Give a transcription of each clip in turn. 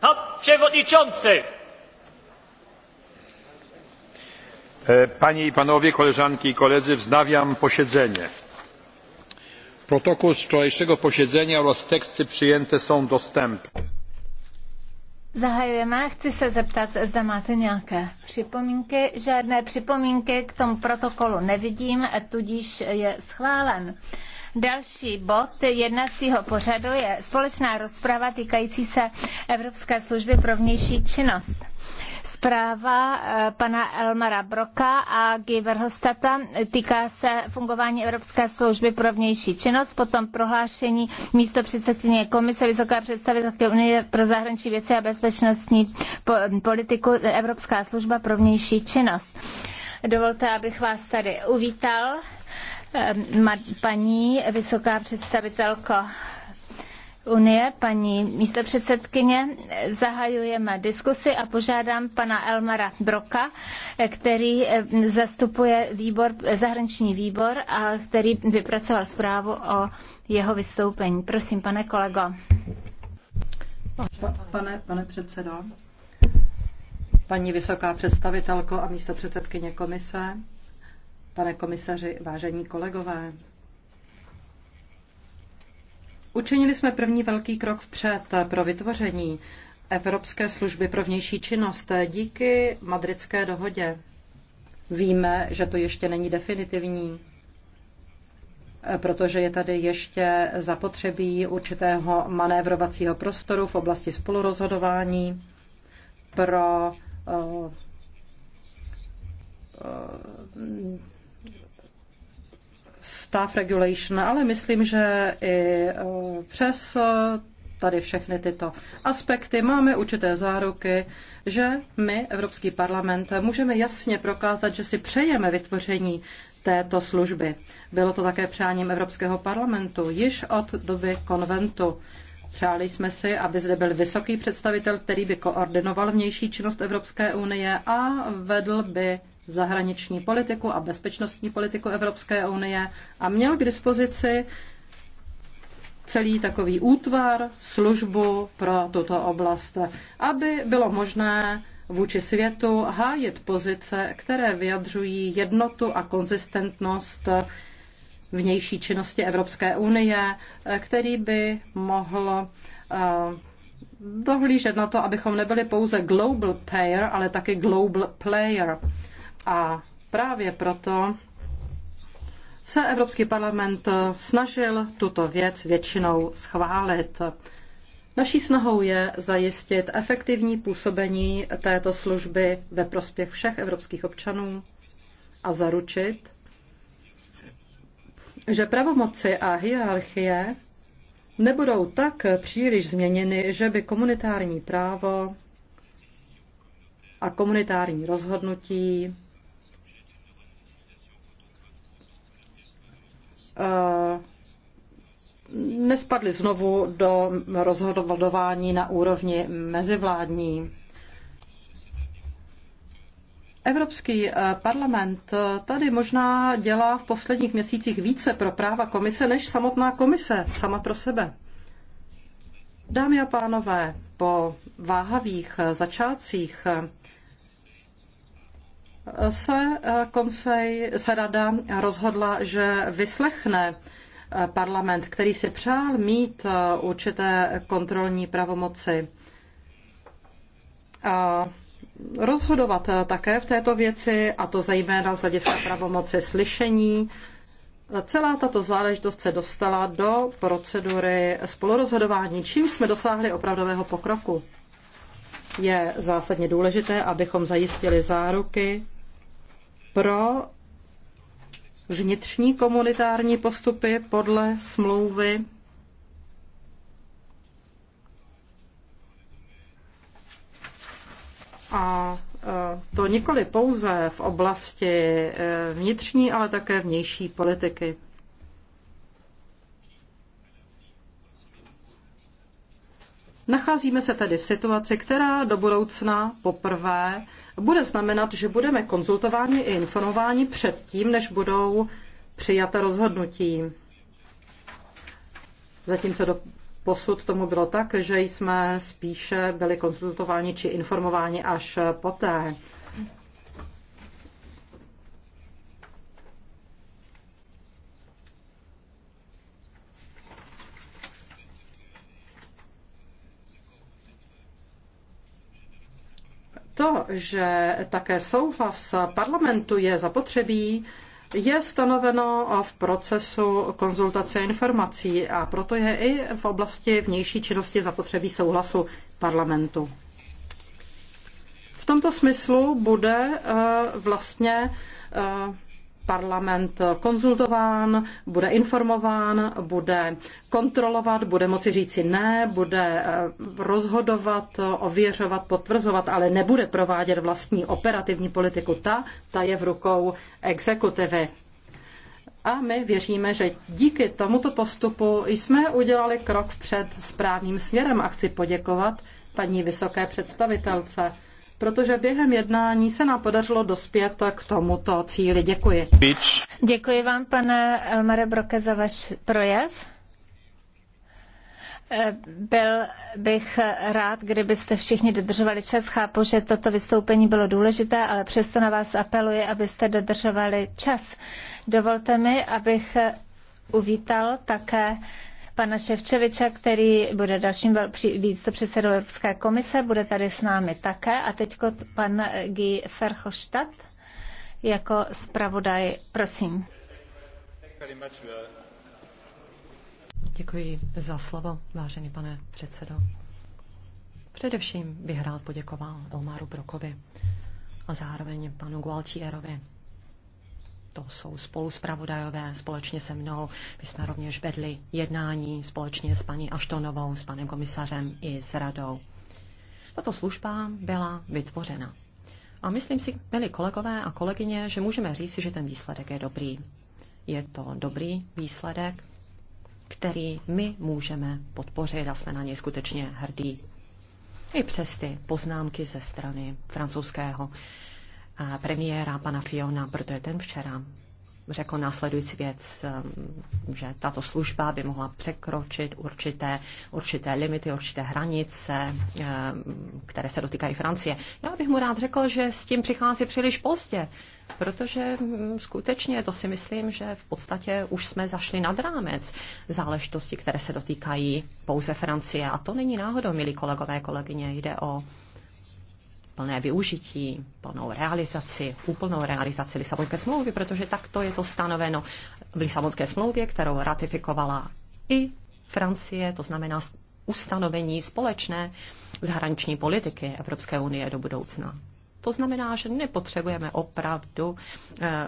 Pan przewodniczący! E, panie i panowie, koleżanki i koledzy, wznawiam posiedzenie. Protokół z wczorajszego posiedzenia oraz teksty przyjęte są dostępne. Zahajujeme, chci se zeptat, zda máte nějaké připomínky. Žádné připomínky k tomu protokolu nevidím, tudíž je schválen. Další bod jednacího pořadu je společná rozprava týkající se Evropské služby pro vnější činnost. Zpráva eh, pana Elmara Broka a Guy Verhostata eh, týká se fungování Evropské služby pro vnější činnost, potom prohlášení místo předsedkyně komise Vysoká představitelky Unie pro zahraniční věci a bezpečnostní politiku Evropská služba pro vnější činnost. Dovolte, abych vás tady uvítal. Ehm, paní vysoká představitelko Unie, paní místopředsedkyně, zahajujeme diskusi a požádám pana Elmara Broka, který ehm, zastupuje výbor, zahraniční výbor a který vypracoval zprávu o jeho vystoupení. Prosím, pane kolego. Pane, pane předsedo, paní vysoká představitelko a místopředsedkyně komise, pane komisaři, vážení kolegové. Učinili jsme první velký krok vpřed pro vytvoření Evropské služby pro vnější činnost díky madridské dohodě. Víme, že to ještě není definitivní, protože je tady ještě zapotřebí určitého manévrovacího prostoru v oblasti spolurozhodování pro eh, eh, staff regulation, ale myslím, že i e, přes e, tady všechny tyto aspekty máme určité záruky, že my, Evropský parlament, můžeme jasně prokázat, že si přejeme vytvoření této služby. Bylo to také přáním Evropského parlamentu již od doby konventu. Přáli jsme si, aby zde byl vysoký představitel, který by koordinoval vnější činnost Evropské unie a vedl by zahraniční politiku a bezpečnostní politiku Evropské unie a měl k dispozici celý takový útvar, službu pro tuto oblast, aby bylo možné vůči světu hájit pozice, které vyjadřují jednotu a konzistentnost vnější činnosti Evropské unie, který by mohl eh, dohlížet na to, abychom nebyli pouze global player, ale taky global player. A právě proto se Evropský parlament snažil tuto věc většinou schválit. Naší snahou je zajistit efektivní působení této služby ve prospěch všech evropských občanů a zaručit, že pravomoci a hierarchie nebudou tak příliš změněny, že by komunitární právo a komunitární rozhodnutí Eh, nespadli znovu do rozhodování na úrovni mezivládní. Evropský eh, parlament eh, tady možná dělá v posledních měsících více pro práva komise než samotná komise sama pro sebe. Dámy a pánové, po váhavých začátcích se, eh, konsej, se rada rozhodla, že vyslechne eh, parlament, který si přál mít eh, určité kontrolní pravomoci. A rozhodovat také v této věci, a to zejména z hlediska pravomoci slyšení. Celá tato záležitost se dostala do procedury spolurozhodování, čím jsme dosáhli opravdového pokroku. Je zásadně důležité, abychom zajistili záruky pro vnitřní komunitární postupy podle smlouvy a e, to nikoli pouze v oblasti e, vnitřní, ale také vnější politiky. Nacházíme se tedy v situaci, která do budoucna poprvé bude znamenat, že budeme konzultováni i informováni předtím, než budou přijata rozhodnutí. Zatímco do posud tomu bylo tak, že jsme spíše byli konzultováni či informováni až poté. To, že také souhlas parlamentu je zapotřebí, je stanoveno v procesu konzultace informací a proto je i v oblasti vnější činnosti zapotřebí souhlasu parlamentu. V tomto smyslu bude eh, vlastně eh, parlament konzultován, bude informován, bude kontrolovat, bude moci říci ne, bude eh, rozhodovat, ověřovat, potvrzovat, ale nebude provádět vlastní operativní politiku. Ta, ta je v rukou exekutivy. A my věříme, že díky tomuto postupu jsme udělali krok před správným směrem a chci poděkovat paní vysoké představitelce protože během jednání se nám podařilo dospět k tomuto cíli. Děkuji. Děkuji vám, pane Elmare Broke, za váš projev. E, byl bych rád, kdybyste všichni dodržovali čas. Chápu, že toto vystoupení bylo důležité, ale přesto na vás apeluji, abyste dodržovali čas. Dovolte mi, abych uvítal také pana Ševčeviče, který bude dalším vícepředsedou Evropské komise, bude tady s námi také. A teď pan Guy Ferchoštat jako zpravodaj. Prosím. Děkuji za slovo, vážený pane předsedo. Především bych rád poděkoval Elmaru Brokovi a zároveň panu Gualtierovi to jsou spoluspravodajové společně se mnou. My jsme rovněž vedli jednání společně s paní Aštonovou, s panem komisařem i s radou. Tato služba byla vytvořena. A myslím si, milí kolegové a kolegyně, že můžeme říci, že ten výsledek je dobrý. Je to dobrý výsledek, který my můžeme podpořit a jsme na něj skutečně hrdí. I přes ty poznámky ze strany francouzského premiéra pana Fiona, protože ten včera řekl následující věc, um, že tato služba by mohla překročit určité, určité limity, určité hranice, um, které se dotýkají Francie. Já bych mu rád řekl, že s tím přichází příliš pozdě, protože mm, skutečně to si myslím, že v podstatě už jsme zašli nad rámec záležitosti, které se dotýkají pouze Francie. A to není náhodou, milí kolegové, kolegyně, jde o plné využití, plnou realizaci, úplnou realizaci Lisabonské smlouvy, protože takto je to stanoveno v Lisabonské smlouvě, kterou ratifikovala i Francie, to znamená ustanovení společné zahraniční politiky Evropské unie do budoucna. To znamená, že nepotřebujeme opravdu eh,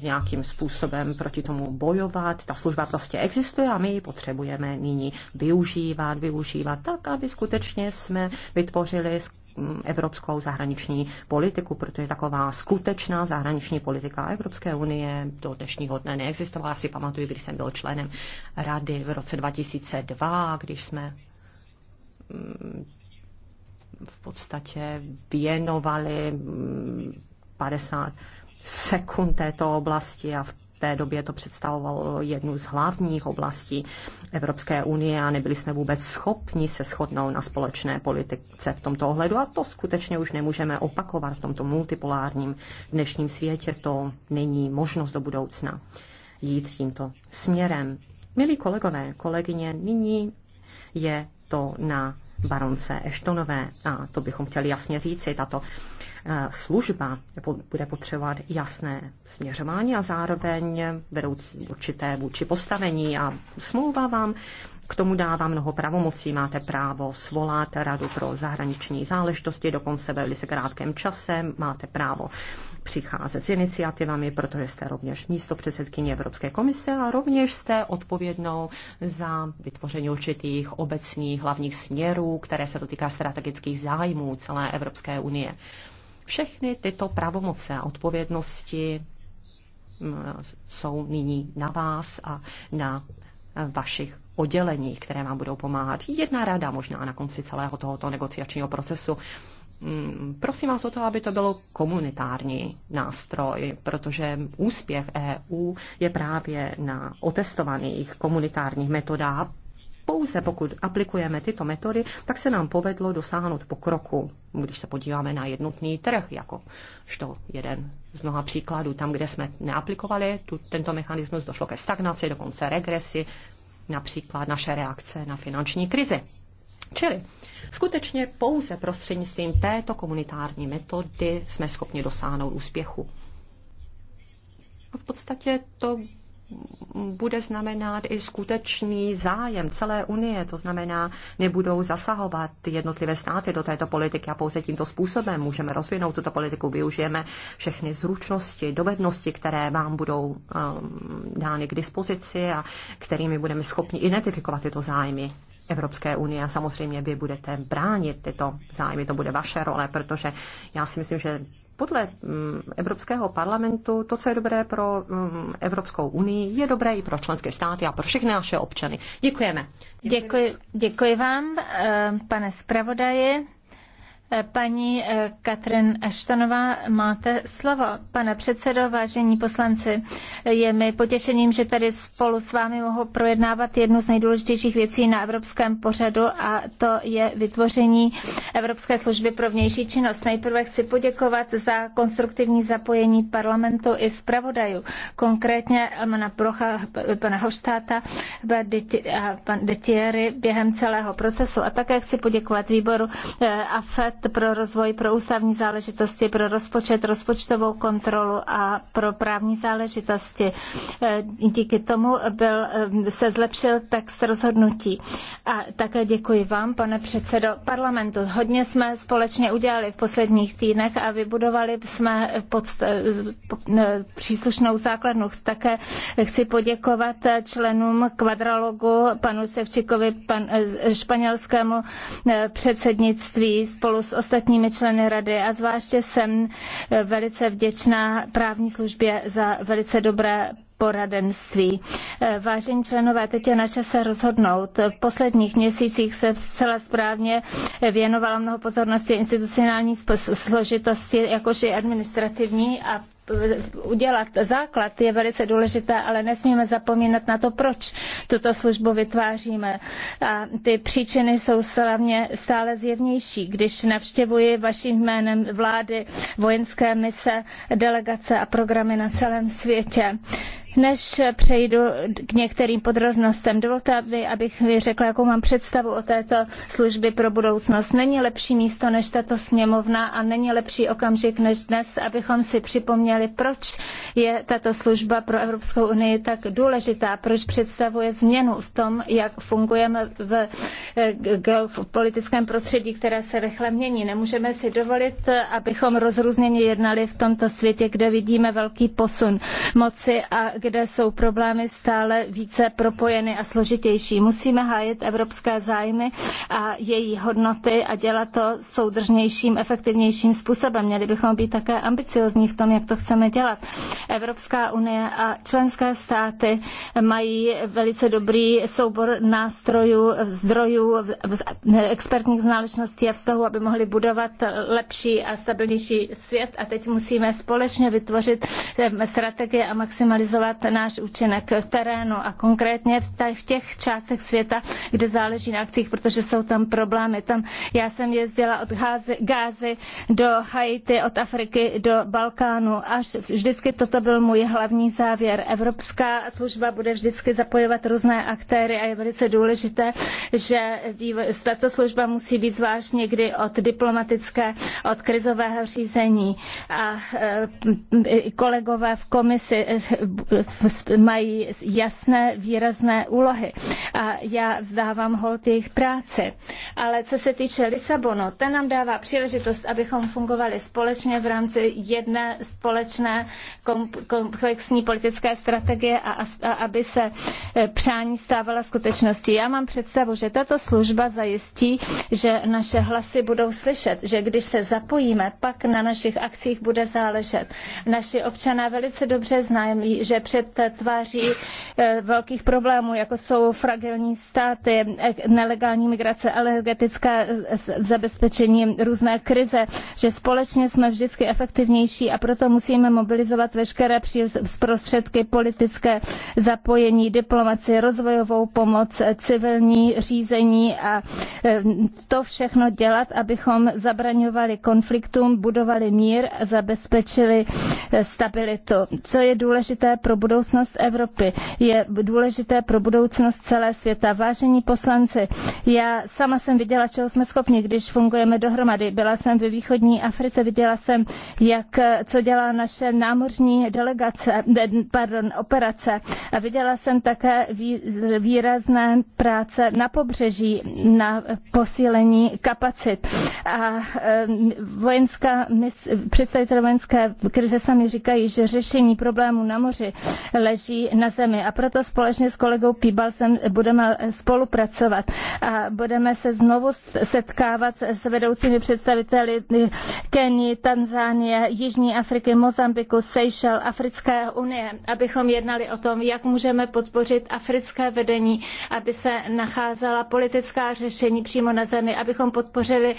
nějakým způsobem proti tomu bojovat. Ta služba prostě existuje a my ji potřebujeme nyní využívat, využívat tak, aby skutečně jsme vytvořili evropskou zahraniční politiku, protože taková skutečná zahraniční politika Evropské unie do dnešního dne neexistovala. Si pamatuju, když jsem byl členem rady v roce 2002, když jsme mm, v podstatě věnovali 50 mm, sekund této oblasti a v té době to představovalo jednu z hlavních oblastí Evropské unie a nebyli jsme vůbec schopni se shodnout na společné politice v tomto ohledu a to skutečně už nemůžeme opakovat v tomto multipolárním dnešním světě. To není možnost do budoucna jít tímto směrem. Milí kolegové, kolegyně, nyní je to na baronce Eštonové. A to bychom chtěli jasně říci, tato Eh, služba bude potřebovat jasné směřování a zároveň vedoucí určité vůči postavení a smlouva vám k tomu dává mnoho pravomocí. Máte právo svolat radu pro zahraniční záležitosti, dokonce ve velice krátkém čase. Máte právo přicházet s iniciativami, protože jste rovněž místo předsedkyně Evropské komise a rovněž jste odpovědnou za vytvoření určitých obecních hlavních směrů, které se dotýká strategických zájmů celé Evropské unie. Všechny tyto pravomoce a odpovědnosti mm, jsou nyní na vás a na vašich oddělení, které vám budou pomáhat. Jedna rada možná na konci celého tohoto negociačního procesu. Mm, prosím vás o to, aby to bylo komunitární nástroj, protože úspěch EU je právě na otestovaných komunitárních metodách pouze pokud aplikujeme tyto metody, tak se nám povedlo dosáhnout pokroku. Když se podíváme na jednotný trh, jako to jeden z mnoha příkladů, tam, kde jsme neaplikovali tu, tento mechanismus, došlo ke stagnaci, dokonce regresi, například naše reakce na finanční krizi. Čili skutečně pouze prostřednictvím této komunitární metody jsme schopni dosáhnout úspěchu. A v podstatě to bude znamenat i skutečný zájem celé Unie, to znamená, nebudou zasahovat jednotlivé státy do této politiky a pouze tímto způsobem můžeme rozvinout tuto politiku, využijeme všechny zručnosti, dovednosti, které vám budou um, dány k dispozici a kterými budeme schopni identifikovat tyto zájmy. Evropské unie a samozřejmě vy budete bránit tyto zájmy, to bude vaše role, protože já si myslím, že podle mm, Evropského parlamentu to, co je dobré pro mm, Evropskou unii, je dobré i pro členské státy a pro všechny naše občany. Děkujeme. Děkuji, děkuji vám, eh, pane zpravodaji. Paní Katrin eh, Ashtonová, máte slovo. Pane předsedo, vážení poslanci, je mi potěšením, že tady spolu s vámi mohu projednávat jednu z nejdůležitějších věcí na evropském pořadu a to je vytvoření Evropské služby pro vnější činnost. Nejprve chci poděkovat za konstruktivní zapojení parlamentu i zpravodajů, konkrétně pana Procha, pana Hoštáta, pan Detieri během celého procesu. A také chci poděkovat výboru eh, AFET pro rozvoj, pro ústavní záležitosti, pro rozpočet, rozpočtovou kontrolu a pro právní záležitosti. E, díky tomu byl, e, se zlepšil text rozhodnutí. A také děkuji vám, pane předsedo parlamentu. Hodně jsme společně udělali v posledních týdnech a vybudovali jsme pod, e, příslušnou základnu. Také chci poděkovat členům kvadralogu, panu Sevčikovi, pan, španělskému předsednictví spolu s ostatními členy rady a zvláště jsem eh, velice vděčná právní službě za velice dobré poradenství. Eh, vážení členové, teď je na čase rozhodnout. V posledních měsících se zcela správně věnovala mnoho pozornosti institucionální složitosti, jakož i administrativní a udělat základ, je velice důležité, ale nesmíme zapomínat na to, proč tuto službu vytváříme. A ty příčiny jsou slavně stále zjevnější. Když navštěvuji vaším jménem vlády, vojenské mise, delegace a programy na celém světě, než přejdu k některým podrobnostem, dovolte, mi, abych mi řekla, jakou mám představu o této službě pro budoucnost. Není lepší místo než tato sněmovna a není lepší okamžik než dnes, abychom si připomněli, zmínili, proč je tato služba pro Evropskou unii tak důležitá, proč představuje změnu v tom, jak fungujeme v, eh, geopolitickém politickém prostředí, které se rychle mění. Nemůžeme si dovolit, abychom rozrůzněně jednali v tomto světě, kde vidíme velký posun moci a kde jsou problémy stále více propojeny a složitější. Musíme hájit evropské zájmy a její hodnoty a dělat to soudržnějším, efektivnějším způsobem. Měli bychom být také ambiciozní v tom, jak to chceme chceme dělat. Evropská unie a členské státy mají velice dobrý soubor nástrojů, zdrojů, expertních znalečností a vztahu, aby mohli budovat lepší a stabilnější svět. A teď musíme společně vytvořit eh, strategie a maximalizovat náš účinek v terénu a konkrétně v těch částech světa, kde záleží na akcích, protože jsou tam problémy. Tam já jsem jezdila od Gázy do Haiti, od Afriky do Balkánu a Až vždycky toto byl můj hlavní závěr. Evropská služba bude vždycky zapojovat různé aktéry a je velice důležité, že tato služba musí být zvlášť někdy od diplomatické, od krizového řízení. A e, kolegové v komisi e, mají jasné, výrazné úlohy. A já vzdávám hold jejich práci. Ale co se týče Lisabonu, ten nám dává příležitost, abychom fungovali společně v rámci jedné společné společné komplexní politické strategie a, a aby se eh, přání stávala skutečností. Já mám představu, že tato služba zajistí, že naše hlasy budou slyšet, že když se zapojíme, pak na našich akcích bude záležet. Naši občané velice dobře znají, že před tváří eh, velkých problémů, jako jsou fragilní státy, eh, nelegální migrace, energetická zabezpečení, různé krize, že společně jsme vždycky efektivnější a proto musí musíme mobilizovat veškeré prostředky politické zapojení, diplomaci, rozvojovou pomoc, civilní řízení a e, to všechno dělat, abychom zabraňovali konfliktům, budovali mír a zabezpečili e, stabilitu. Co je důležité pro budoucnost Evropy? Je důležité pro budoucnost celé světa. Vážení poslanci, já sama jsem viděla, čeho jsme schopni, když fungujeme dohromady. Byla jsem ve východní Africe, viděla jsem, jak, co dělá naše námořní delegace, pardon, operace a viděla jsem také výrazné práce na pobřeží na posílení kapacit. A vojenská, představitel vojenské krize sami říkají, že řešení problémů na moři leží na zemi a proto společně s kolegou Píbalsem budeme spolupracovat a budeme se znovu setkávat s vedoucími představiteli Keni, Tanzánie, Jižní Afriky, Mozambiku, Seychel, Africké unie, abychom jednali o tom, jak můžeme podpořit africké vedení, aby se nacházela politická řešení přímo na zemi, abychom podpořili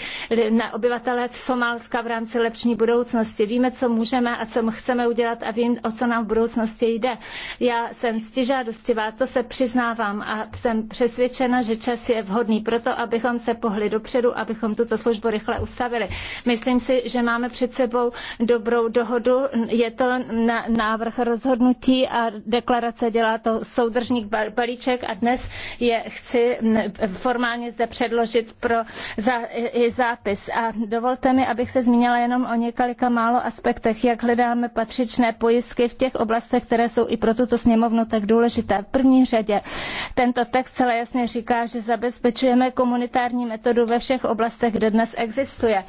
na obyvatele Somálska v rámci lepší budoucnosti. Víme, co můžeme a co chceme udělat a vím, o co nám v budoucnosti jde. Já jsem stižádostivá, to se přiznávám a jsem přesvědčena, že čas je vhodný pro to, abychom se pohli dopředu, abychom tuto službu rychle ustavili. Myslím si, že máme před sebou dobrou dohodu je to na návrh rozhodnutí a deklarace dělá to soudržník Balíček a dnes je chci formálně zde předložit pro i zápis. A dovolte mi, abych se zmínila jenom o několika málo aspektech, jak hledáme patřičné pojistky v těch oblastech, které jsou i pro tuto sněmovnu tak důležité. V první řadě tento text celé jasně říká, že zabezpečujeme komunitární metodu ve všech oblastech, kde dnes existuje.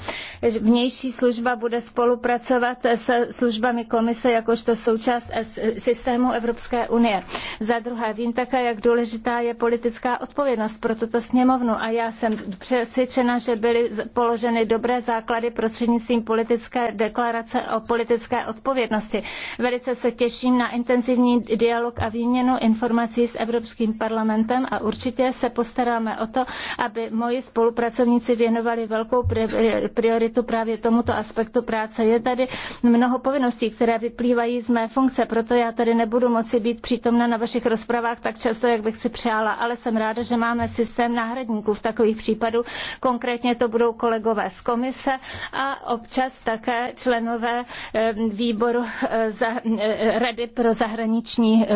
Vnější služba bude spolupracovat s službami komise jakožto součást systému Evropské unie. Za druhé, vím také, jak důležitá je politická odpovědnost pro tuto sněmovnu a já jsem přesvědčena, že byly položeny dobré základy prostřednictvím politické deklarace o politické odpovědnosti. Velice se těším na intenzivní dialog a výměnu informací s Evropským parlamentem a určitě se postaráme o to, aby moji spolupracovníci věnovali velkou prioritu právě tomuto aspektu práce. Je tady mnoho povinností, které vyplývají z mé funkce, proto já tady nebudu moci být přítomna na vašich rozpravách tak často, jak bych si přála, ale jsem ráda, že máme systém náhradníků v takových případů. Konkrétně to budou kolegové z komise a občas také členové eh, výboru eh, za, eh, Rady pro zahraniční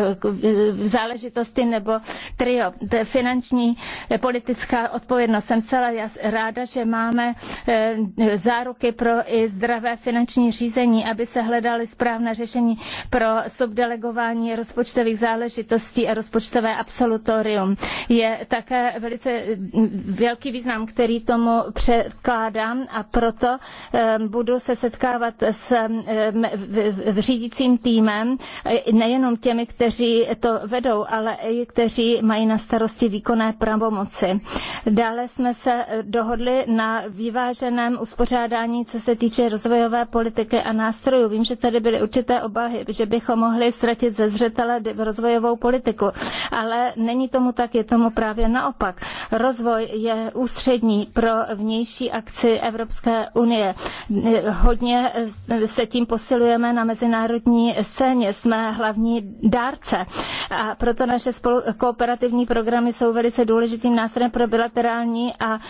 záležitosti nebo trio finanční politická odpovědnost. Jsem celá ráda, že máme záruky pro i zdravé finanční řízení, aby se hledali správné řešení pro subdelegování rozpočtových záležitostí a rozpočtové absolutorium. Je také velice mm, velký význam, který tomu překládám a proto budu se setkávat s řídícím týmem, e, nejenom těmi, kteří to vedou, ale i kteří mají na starosti výkonné pravomoci. Dále jsme se e, dohodli na vyváženém uspořádání, co se týče rozvojové politiky a nástrojů Vím, že tady byly určité obavy, že bychom mohli ztratit ze zřetele rozvojovou politiku, ale není tomu tak, je tomu právě naopak. Rozvoj je ústřední pro vnější akci Evropské unie. Hodně se tím posilujeme na mezinárodní scéně, jsme hlavní dárce a proto naše spolu- kooperativní programy jsou velice důležitým nástrojem pro bilaterální a e,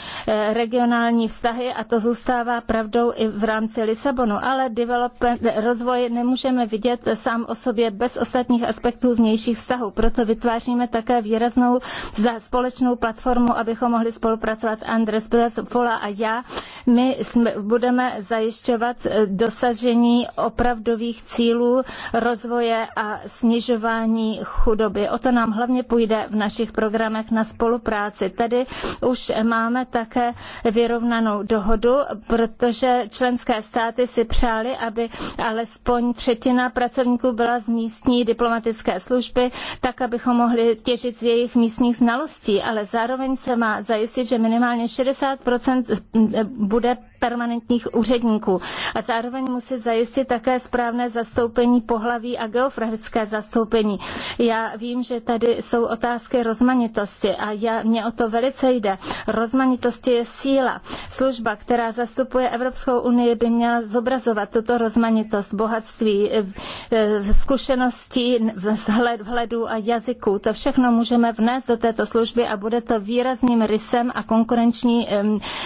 regionální vztahy a to zůstává pravdou i v rámci Lisabonu, ale development, rozvoj nemůžeme vidět sám o sobě bez ostatních aspektů vnějších vztahů. Proto vytváříme také výraznou za společnou platformu, abychom mohli spolupracovat Andres Fola a já. My jsme, budeme zajišťovat eh, dosažení opravdových cílů rozvoje a snižování chudoby. O to nám hlavně půjde v našich programech na spolupráci. Tady už máme také vyrovnanou dohodu, protože členské státy si přáli, aby alespoň třetina pracovníků byla z místní diplomatické služby, tak abychom mohli těžit z jejich místních znalostí, ale zároveň se má zajistit, že minimálně 60 eh, bude permanentních úředníků a zároveň musí zajistit také správné zastoupení pohlaví a geografické zastoupení. Já vím, že tady jsou otázky rozmanitosti a já, mě o to velice jde. Rozmanitosti je síla. Služba, která zastupuje Evropskou unii, by měla zobrazovat tuto rozmanitost rozmanitost, bohatství, eh, eh, zkušeností, vzhledu a jazyků. To všechno můžeme vnést do této služby a bude to výrazným rysem a konkurenční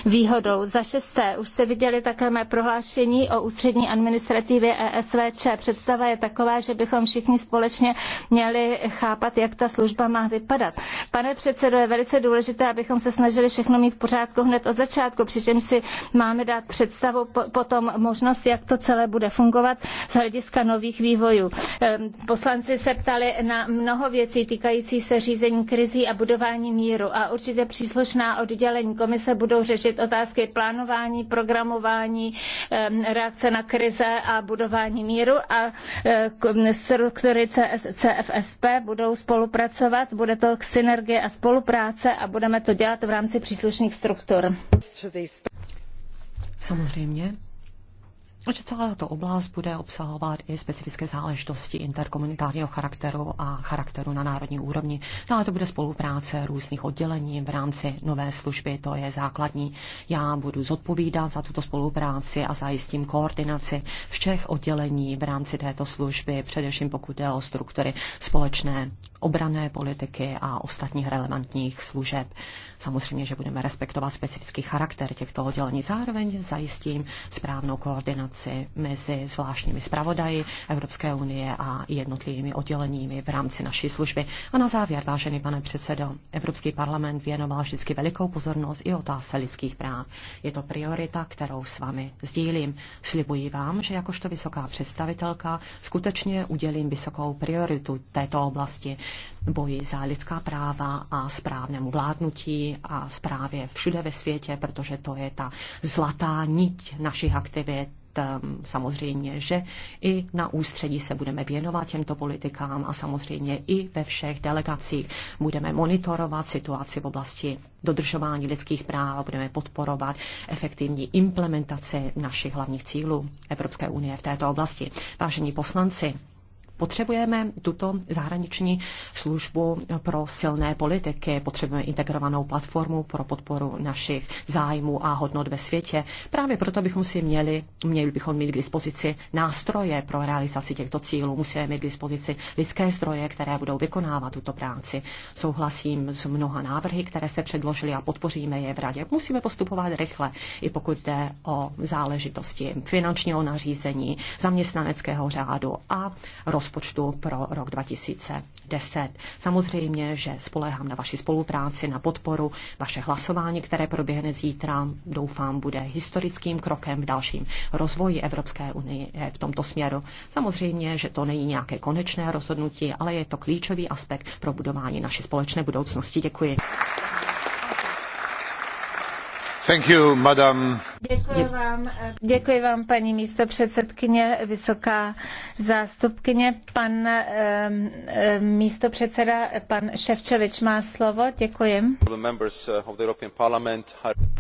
výhodou. Za šesté, už jste viděli také mé prohlášení o ústřední administrativě ESVČ. Představa je taková, že bychom všichni společně měli chápat, jak ta služba má vypadat. Pane předsedo, je velice důležité, abychom se snažili všechno mít v pořádku hned od začátku, přičemž si máme dát představu potom možnost, jak to celé bude fungovat fungovat z hlediska nových vývojů. Poslanci se ptali na mnoho věcí týkající se řízení krizí a budování míru a určitě příslušná oddělení komise budou řešit otázky plánování, programování, reakce na krize a budování míru a e, struktury CFSP budou spolupracovat, bude to synergie a spolupráce a budeme to dělat v rámci příslušných struktur. Samozřejmě že celá tato oblast bude obsahovat i specifické záležitosti interkomunitárního charakteru a charakteru na národní úrovni. No ale to bude spolupráce různých oddělení v rámci nové služby, to je základní. Já budu zodpovídat za tuto spolupráci a zajistím koordinaci všech oddělení v rámci této služby, především pokud jde o struktury společné obrané politiky a ostatních relevantních služeb. Samozřejmě, že budeme respektovat specifický charakter těchto oddělení. Zároveň zajistím správnou koordinaci mezi zvláštními zpravodaji Evropské unie a jednotlivými odděleními v rámci naší služby. A na závěr, vážený pane předsedo, Evropský parlament věnoval vždycky velikou pozornost i otázce lidských práv. Je to priorita, kterou s vámi sdílím. Slibuji vám, že jakožto vysoká představitelka skutečně udělím vysokou prioritu této oblasti boji za lidská práva a správnému vládnutí a správě všude ve světě, protože to je ta zlatá niť našich aktivit samozřejmě, že i na ústředí se budeme věnovat těmto politikám a samozřejmě i ve všech delegacích budeme monitorovat situaci v oblasti dodržování lidských práv a budeme podporovat efektivní implementaci našich hlavních cílů Evropské unie v této oblasti. Vážení poslanci, Potřebujeme tuto zahraniční službu pro silné politiky, potřebujeme integrovanou platformu pro podporu našich zájmů a hodnot ve světě. Právě proto bychom si měli, měli bychom mít k dispozici nástroje pro realizaci těchto cílů. Musíme mít k dispozici lidské zdroje, které budou vykonávat tuto práci. Souhlasím s mnoha návrhy, které se předložili a podpoříme je v radě. Musíme postupovat rychle, i pokud jde o záležitosti finančního nařízení, zaměstnaneckého řádu a rozpočtu rozpočtu pro rok 2010. Samozřejmě, že spolehám na vaši spolupráci, na podporu. Vaše hlasování, které proběhne zítra, doufám, bude historickým krokem v dalším rozvoji Evropské unie v tomto směru. Samozřejmě, že to není nějaké konečné rozhodnutí, ale je to klíčový aspekt pro budování naší společné budoucnosti. Děkuji madam. Děkuji vám, paní místo předsedkyně, vysoká zástupkyně. Pan eh, eh, místo předseda, pan Ševčovič má slovo. Děkuji. Eh,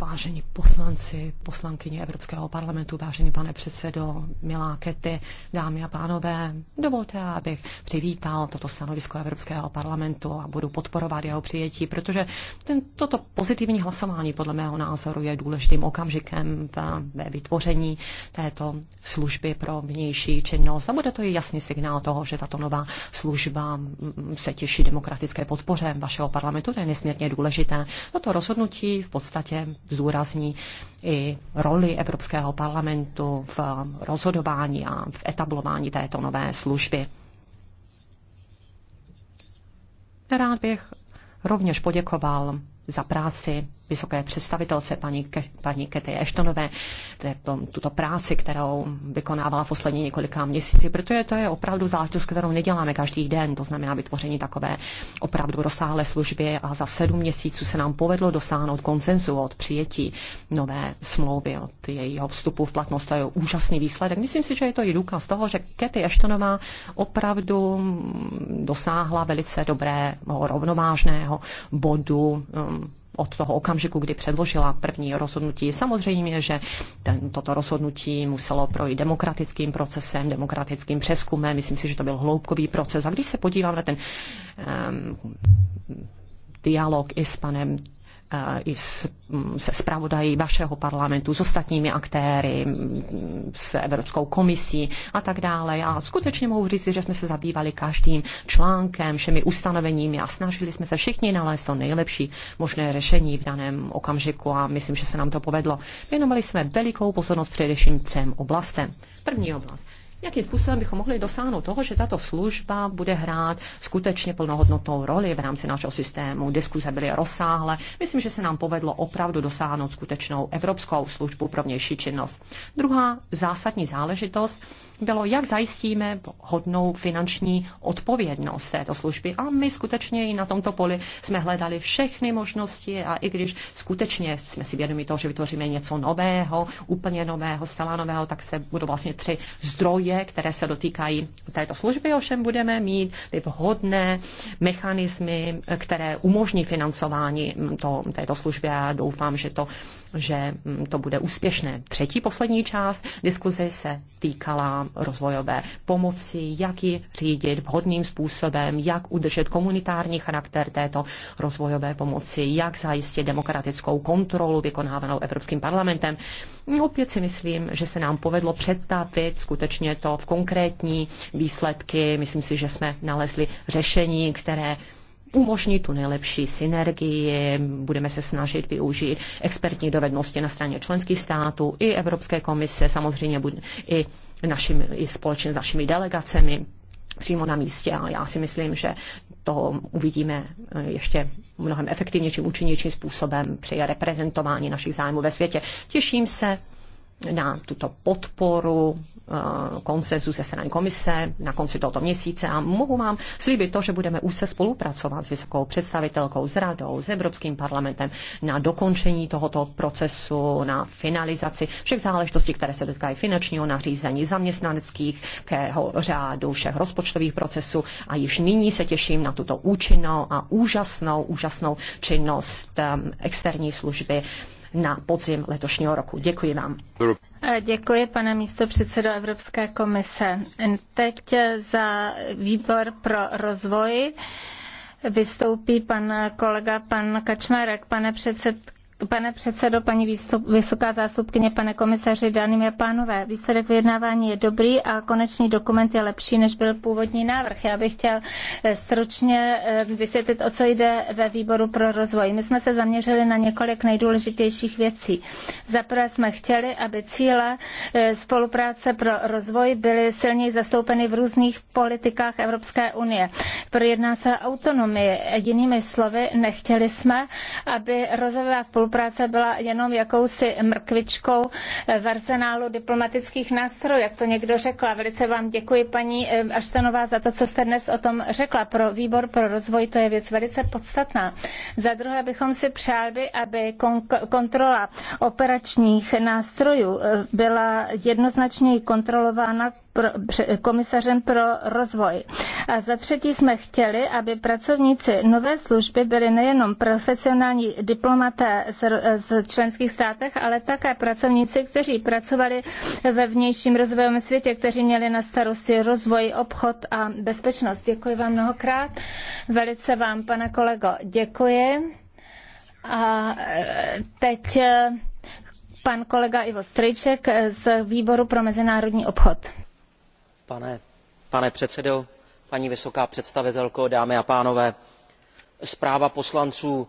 Vážení poslanci, poslankyně Evropského parlamentu, vážený pane předsedo, milá Kety, dámy a pánové, dovolte, abych přivítal toto stanovisko Evropského parlamentu a budu podporovat jeho přijetí, protože ten, toto pozitivní hlasování podle mého názoru je důležitým okamžikem ve vytvoření této služby pro vnější činnost. A bude to i jasný signál toho, že tato nová služba mm, mm, se těší demokratické podpoře vašeho parlamentu. To je nesmírně důležité. Toto rozhodnutí v podstatě zdůrazní i roli Evropského parlamentu v rozhodování a v etablování této nové služby. Rád bych rovněž poděkoval za práci vysoké představitelce paní, Ke, paní Kety Eštonové této, tuto práci, kterou vykonávala v poslední několika měsíci, protože to je opravdu záležitost, kterou neděláme každý den, to znamená vytvoření takové opravdu rozsáhlé služby a za sedm měsíců se nám povedlo dosáhnout konsenzu od přijetí nové smlouvy, od jejího vstupu v platnost. To je úžasný výsledek. Myslím si, že je to i důkaz toho, že Kety Eštonová opravdu dosáhla velice dobrého rovnovážného bodu um, od toho okamžiku, kdy předložila první rozhodnutí. Samozřejmě, že ten, toto rozhodnutí muselo projít demokratickým procesem, demokratickým přeskumem. Myslím si, že to byl hloubkový proces. A když se podívám na ten um, dialog i s panem i s, mm, se zpravodají vašeho parlamentu, s ostatními aktéry, mm, s Evropskou komisí a tak dále. Já skutečně mohu říct, že jsme se zabývali každým článkem, všemi ustanoveními a snažili jsme se všichni nalézt to nejlepší možné řešení v daném okamžiku a myslím, že se nám to povedlo. Věnovali jsme velikou pozornost především třem oblastem. První oblast jakým způsobem bychom mohli dosáhnout toho, že tato služba bude hrát skutečně plnohodnotnou roli v rámci našeho systému. Diskuze byly rozsáhlé. Myslím, že se nám povedlo opravdu dosáhnout skutečnou evropskou službu pro vnější činnost. Druhá zásadní záležitost bylo, jak zajistíme hodnou finanční odpovědnost této služby. A my skutečně i na tomto poli jsme hledali všechny možnosti a i když skutečně jsme si vědomi toho, že vytvoříme něco nového, úplně nového, zcela nového, tak se budou vlastně tři zdroje údaje, které se dotýkají této služby, ovšem budeme mít ty vhodné mechanismy, které umožní financování to, této služby a doufám, že to, že to bude úspěšné. Třetí, poslední část diskuze se týkala rozvojové pomoci, jak ji řídit vhodným způsobem, jak udržet komunitární charakter této rozvojové pomoci, jak zajistit demokratickou kontrolu vykonávanou Evropským parlamentem. Opět si myslím, že se nám povedlo přetavit skutečně to v konkrétní výsledky. Myslím si, že jsme nalezli řešení, které umožní tu nejlepší synergii, budeme se snažit využít expertní dovednosti na straně členských států i Evropské komise, samozřejmě i, našim, i společně s našimi delegacemi přímo na místě a já si myslím, že to uvidíme ještě mnohem efektivnějším, účinnějším způsobem při reprezentování našich zájmů ve světě. Těším se na tuto podporu eh, konsenzu ze strany komise na konci tohoto měsíce a mohu vám slíbit to, že budeme úzce spolupracovat s vysokou představitelkou, s radou, s Evropským parlamentem na dokončení tohoto procesu, na finalizaci všech záležitostí, které se dotkají finančního nařízení, zaměstnaneckých, kého řádu, všech rozpočtových procesů a již nyní se těším na tuto účinnou a úžasnou, úžasnou činnost eh, externí služby na podzim letošního roku. Děkuji vám. Děkuji, pane místo předsedo Evropské komise. Teď za výbor pro rozvoj vystoupí pan kolega, pan Kačmarek. Pane předsed, Pane předsedo, paní vysoká zástupkyně, pane komisaři, dámy a pánové, výsledek vyjednávání je dobrý a konečný dokument je lepší, než byl původní návrh. Já bych chtěl eh, stručně eh, vysvětlit, o co jde ve výboru pro rozvoj. My jsme se zaměřili na několik nejdůležitějších věcí. Za prvé jsme chtěli, aby cíle eh, spolupráce pro rozvoj byly silněji zastoupeny v různých politikách Evropské unie. Projedná se autonomii. Jinými slovy, nechtěli jsme, aby rozvojová spolupráce spolupráce byla jenom jakousi mrkvičkou v arzenálu diplomatických nástrojů, jak to někdo řekla. Velice vám děkuji, paní eh, Aštanová, za to, co jste dnes o tom řekla. Pro výbor pro rozvoj to je věc velice podstatná. Za druhé bychom si přáli, aby kontrola operačních nástrojů eh, byla jednoznačně kontrolována komisařem pro rozvoj. A za třetí jsme chtěli, aby pracovníci nové služby byli nejenom profesionální diplomaté z z členských státech, ale také pracovníci, kteří pracovali ve vnějším rozvojovém světě, kteří měli na starosti rozvoj, obchod a bezpečnost. Děkuji vám mnohokrát. Velice vám, pane kolego, děkuji. A e, teď e, pan kolega Ivo Strejček z Výboru pro mezinárodní obchod. Pane, pane předsedo, paní vysoká představitelko, dámy a pánové, zpráva poslanců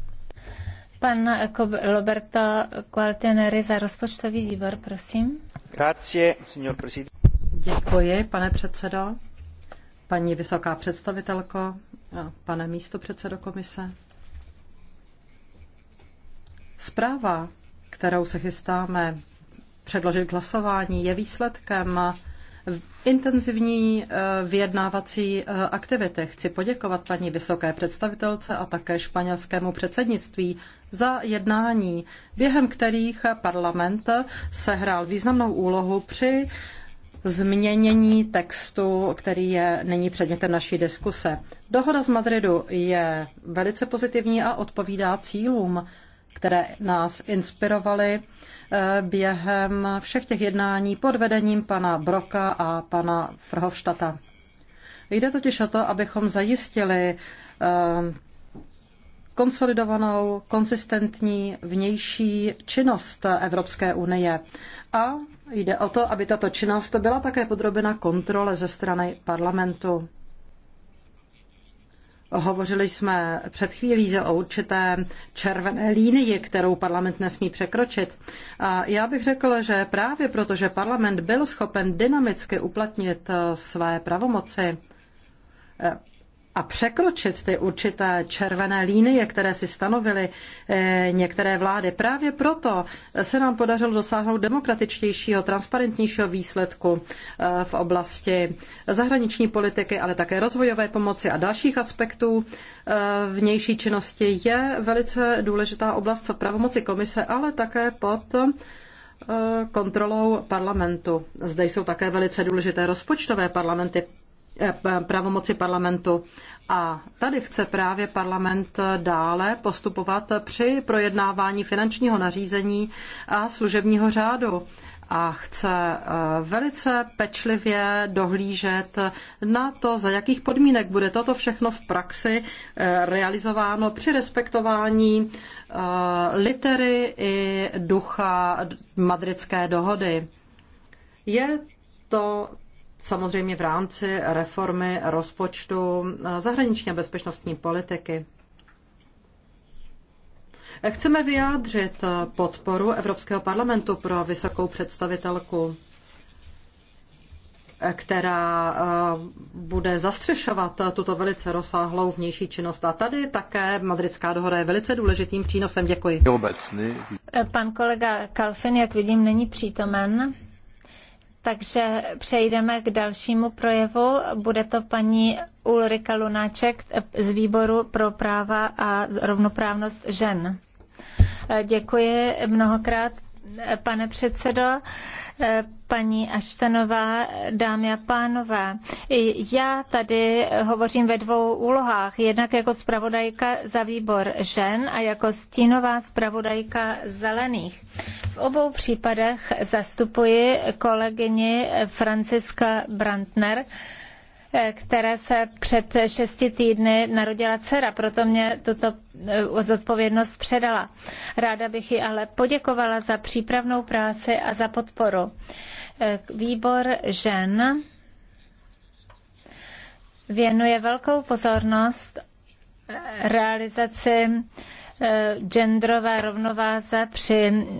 Pan Roberto Quartianeri za rozpočtový výbor, prosím. Grazie, signor presidente. Děkuji, pane předsedo. Paní vysoká představitelko, pane místo komise. Zpráva, kterou se chystáme předložit k hlasování, je výsledkem intenzivní eh, vyjednávací eh, aktivity. Chci poděkovat paní vysoké představitelce a také španělskému předsednictví za jednání, během kterých parlament sehrál významnou úlohu při změnění textu, který je nyní předmětem naší diskuse. Dohoda z Madridu je velice pozitivní a odpovídá cílům, které nás inspirovaly eh, během všech těch jednání pod vedením pana Broka a pana Frhovštata. Jde totiž o to, abychom zajistili eh, konsolidovanou, konsistentní vnější činnost Evropské unie. A jde o to, aby tato činnost byla také podrobena kontrole ze strany parlamentu. Hovořili jsme před chvílí o určité červené línii, kterou parlament nesmí překročit. A já bych řekl, že právě proto, že parlament byl schopen dynamicky uplatnit své pravomoci, a překročit ty určité červené línie, které si stanovily eh, některé vlády. Právě proto se nám podařilo dosáhnout demokratičtějšího, transparentnějšího výsledku eh, v oblasti zahraniční politiky, ale také rozvojové pomoci a dalších aspektů eh, vnější činnosti. Je velice důležitá oblast v pravomoci komise, ale také pod kontrolou parlamentu. Zde jsou také velice důležité rozpočtové parlamenty, Eh, pravomoci parlamentu. A tady chce právě parlament eh, dále postupovat při projednávání finančního nařízení a služebního řádu a chce eh, velice pečlivě dohlížet na to, za jakých podmínek bude toto všechno v praxi realizováno při respektování litery i ducha madridské dohody. Je to samozřejmě v rámci reformy rozpočtu eh, zahraniční a bezpečnostní politiky. Chceme vyjádřit eh, podporu Evropského parlamentu pro vysokou představitelku, eh, která bude zastřešovat tuto velice rozsáhlou vnější činnost. A tady také Madridská dohoda je velice důležitým přínosem. Děkuji. Pan kolega Kalfin, jak vidím, není přítomen. Takže přejdeme k dalšímu projevu. Bude to paní Ulrika Lunáček z Výboru pro práva a rovnoprávnost žen. Děkuji mnohokrát, pane předsedo, paní Aštanová, dámy a pánové. Já tady hovořím ve dvou úlohách. Jednak jako zpravodajka za výbor žen a jako stínová zpravodajka zelených. V obou případech zastupuji kolegyni Franciska Brandner, které se před šesti týdny narodila dcera, proto mě tuto eh, zodpovědnost předala. Ráda bych ji ale poděkovala za přípravnou práci a za podporu. Eh, výbor žen věnuje velkou pozornost realizaci Eh, genderové rovnováze při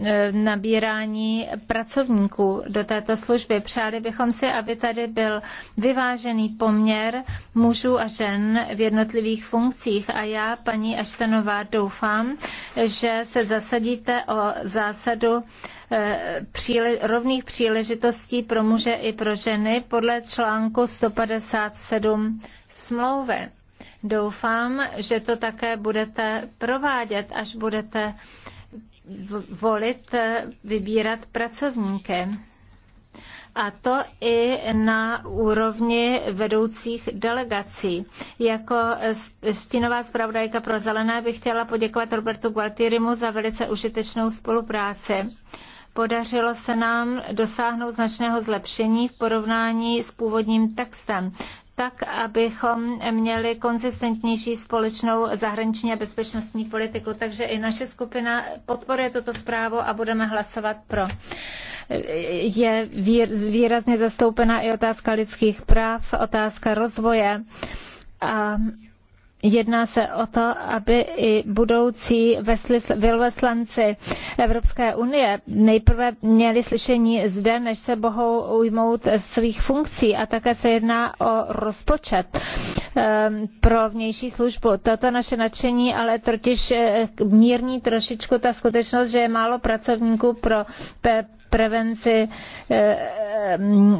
eh, nabírání pracovníků do této služby. Přáli bychom si, aby tady byl vyvážený poměr mužů a žen v jednotlivých funkcích a já, paní Aštenová, doufám, že se zasadíte o zásadu eh, rovných příležitostí pro muže i pro ženy podle článku 157 smlouvy. Doufám, že to také budete provádět, až budete volit, eh, vybírat pracovníky. A to i na úrovni vedoucích delegací. Jako stínová zpravodajka pro zelené bych chtěla poděkovat Robertu Gualtierimu za velice užitečnou spolupráci podařilo se nám dosáhnout značného zlepšení v porovnání s původním textem tak, abychom měli konzistentnější společnou zahraniční a bezpečnostní politiku. Takže i naše skupina podporuje tuto zprávu a budeme hlasovat pro. Je výrazně zastoupena i otázka lidských práv, otázka rozvoje. A Jedná se o to, aby i budoucí velvyslanci Evropské unie nejprve měli slyšení zde, než se mohou ujmout svých funkcí. A také se jedná o rozpočet ehm, pro vnější službu. Toto naše nadšení, ale totiž eh, mírní trošičku ta skutečnost, že je málo pracovníků pro prevenci eh, ehm,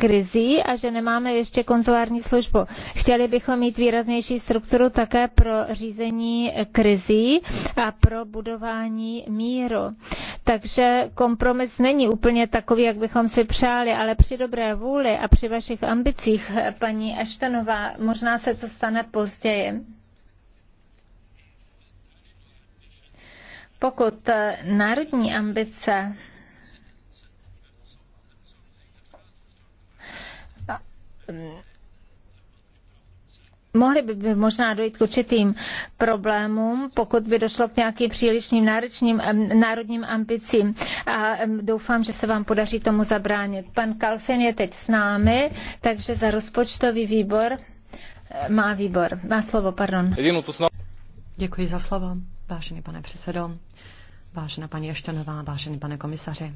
krizí a že nemáme ještě konzulární službu. Chtěli bychom mít výraznější strukturu také pro řízení krizí a pro budování míru. Takže kompromis není úplně takový, jak bychom si přáli, ale při dobré vůli a při vašich ambicích, paní Ashtonová, možná se to stane později. Pokud eh, národní ambice mohly by možná dojít k určitým problémům, pokud by došlo k nějakým přílišným náročným, národním ambicím. A doufám, že se vám podaří tomu zabránit. Pan Kalfin je teď s námi, takže za rozpočtový výbor eh, má výbor. Má slovo, pardon. Děkuji za slovo, vážený pane předsedo, vážená paní Ještěnová, vážený pane komisaři.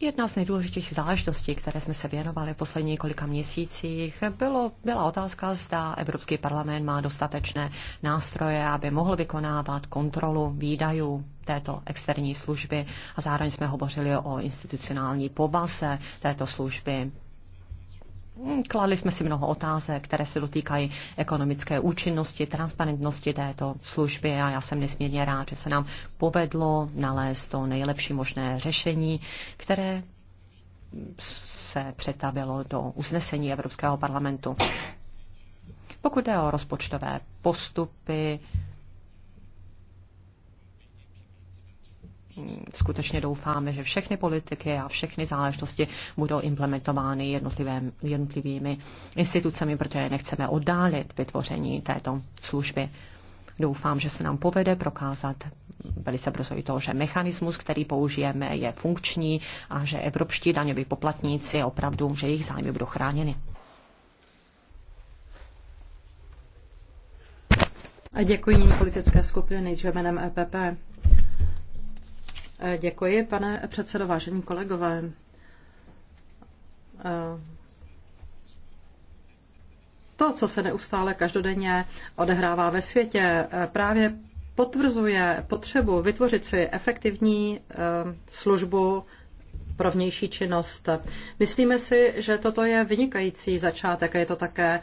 Jedna z nejdůležitějších záležitostí, které jsme se věnovali v poslední několika měsících, bylo, byla otázka, zda Evropský parlament má dostatečné nástroje, aby mohl vykonávat kontrolu výdajů této externí služby a zároveň jsme hovořili o institucionální povaze této služby, Hmm, kladli jsme si mnoho otázek, které se dotýkají ekonomické účinnosti, transparentnosti této služby a já jsem nesmírně rád, že se nám povedlo nalézt to nejlepší možné řešení, které se přetavilo do usnesení Evropského parlamentu. Pokud jde o rozpočtové postupy, skutečně doufáme, že všechny politiky a všechny záležitosti budou implementovány jednotlivými institucemi, protože nechceme oddálit vytvoření této služby. Doufám, že se nám povede prokázat velice brzo i to, že mechanismus, který použijeme, je funkční a že evropští daňoví poplatníci opravdu, že jejich zájmy budou chráněny. A děkuji politické skupiny nejdříve jménem EPP. Eh, děkuji, pane předsedo, vážení kolegové. Eh, to, co se neustále každodenně odehrává ve světě, eh, právě potvrzuje potřebu vytvořit si efektivní službu pro vnější činnost. Myslíme si, že toto je vynikající začátek a je to také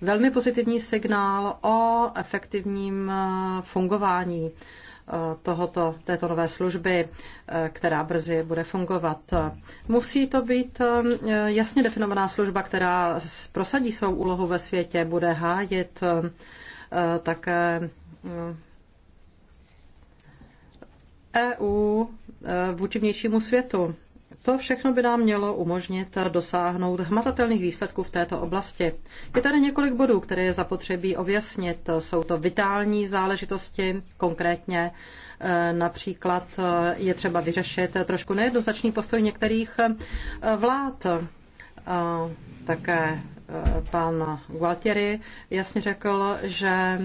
velmi pozitivní signál o efektivním fungování tohoto, této nové služby, eh, která brzy bude fungovat. Musí to být eh, jasně definovaná služba, která prosadí svou úlohu ve světě, bude hájit eh, také EU e vůči vnějšímu světu. To všechno by nám mělo umožnit dosáhnout hmatatelných výsledků v této oblasti. Je tady několik bodů, které je zapotřebí objasnit. Jsou to vitální záležitosti, konkrétně eh, například eh, je třeba vyřešit trošku nejednoznačný postoj některých eh, vlád. Také pan Gualtieri jasně řekl, že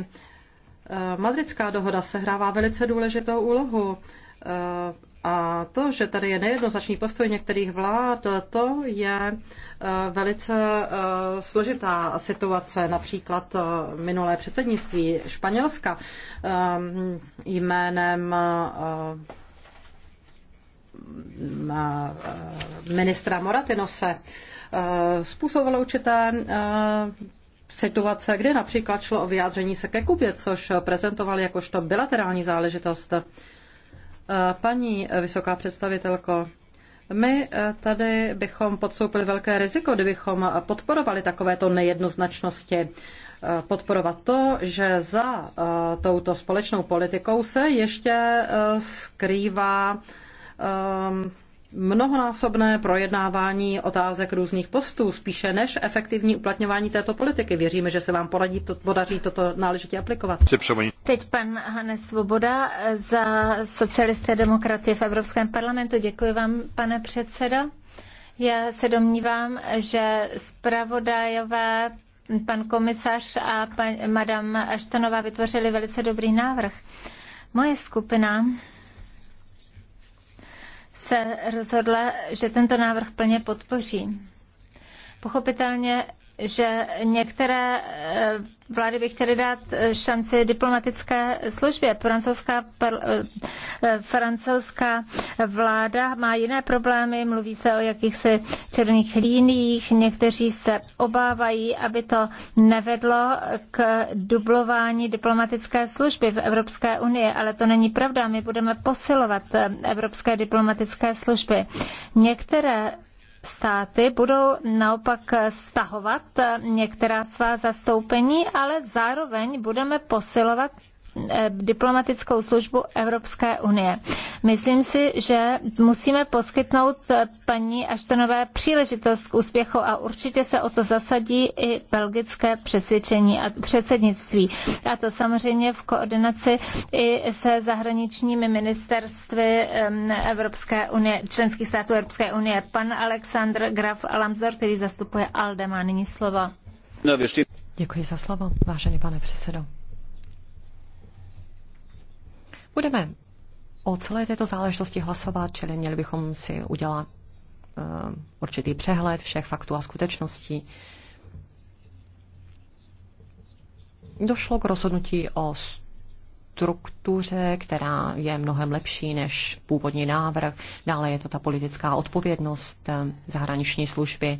Madridská dohoda sehrává velice důležitou úlohu a to, že tady je nejednoznačný postoj některých vlád, to je eh, velice eh, složitá situace. Například eh, minulé předsednictví Španělska jménem ministra Moratinose způsobilo určité situace, kdy například šlo o vyjádření se ke Kubě, což prezentoval jakožto bilaterální záležitost. Eh, paní eh, vysoká představitelko, my eh, tady bychom podstoupili velké riziko, kdybychom podporovali takovéto nejednoznačnosti. Podporovat to, že za touto společnou politikou se ještě skrývá ehm, mnohonásobné projednávání otázek různých postů, spíše než efektivní uplatňování této politiky. Věříme, že se vám poradí, to, podaří toto náležitě aplikovat. Teď pan Hanes Svoboda za socialisté demokraty v Evropském parlamentu. Děkuji vám, pane předsedo. Já se domnívám, že zpravodajové pan komisař a pan, madam Ashtonová vytvořili velice dobrý návrh. Moje skupina se rozhodla, že tento návrh plně podpoří. Pochopitelně že některé eh, vlády by chtěly dát šanci diplomatické službě. Francouzská, eh, francouzská vláda má jiné problémy, mluví se o jakýchsi černých líních, někteří se obávají, aby to nevedlo k dublování diplomatické služby v Evropské unii, ale to není pravda. My budeme posilovat eh, evropské diplomatické služby. Některé státy budou naopak stahovat některá svá zastoupení, ale zároveň budeme posilovat Eh, diplomatickou službu Evropské unie. Myslím si, že musíme poskytnout eh, paní Aštonové příležitost k úspěchu a určitě se o to zasadí i belgické přesvědčení a předsednictví. A to samozřejmě v koordinaci i se zahraničními ministerstvy Evropské unie, členských států Evropské unie. Pan Alexandr Graf Alamzor, který zastupuje ALDE, má nyní slovo. No, Děkuji za slovo, vážený pane předsedo. Budeme o celé této záležitosti hlasovat, čili měli bychom si udělat eh, určitý přehled všech faktů a skutečností. Došlo k rozhodnutí o struktuře, která je mnohem lepší než původní návrh. Dále je to ta politická odpovědnost eh, zahraniční služby.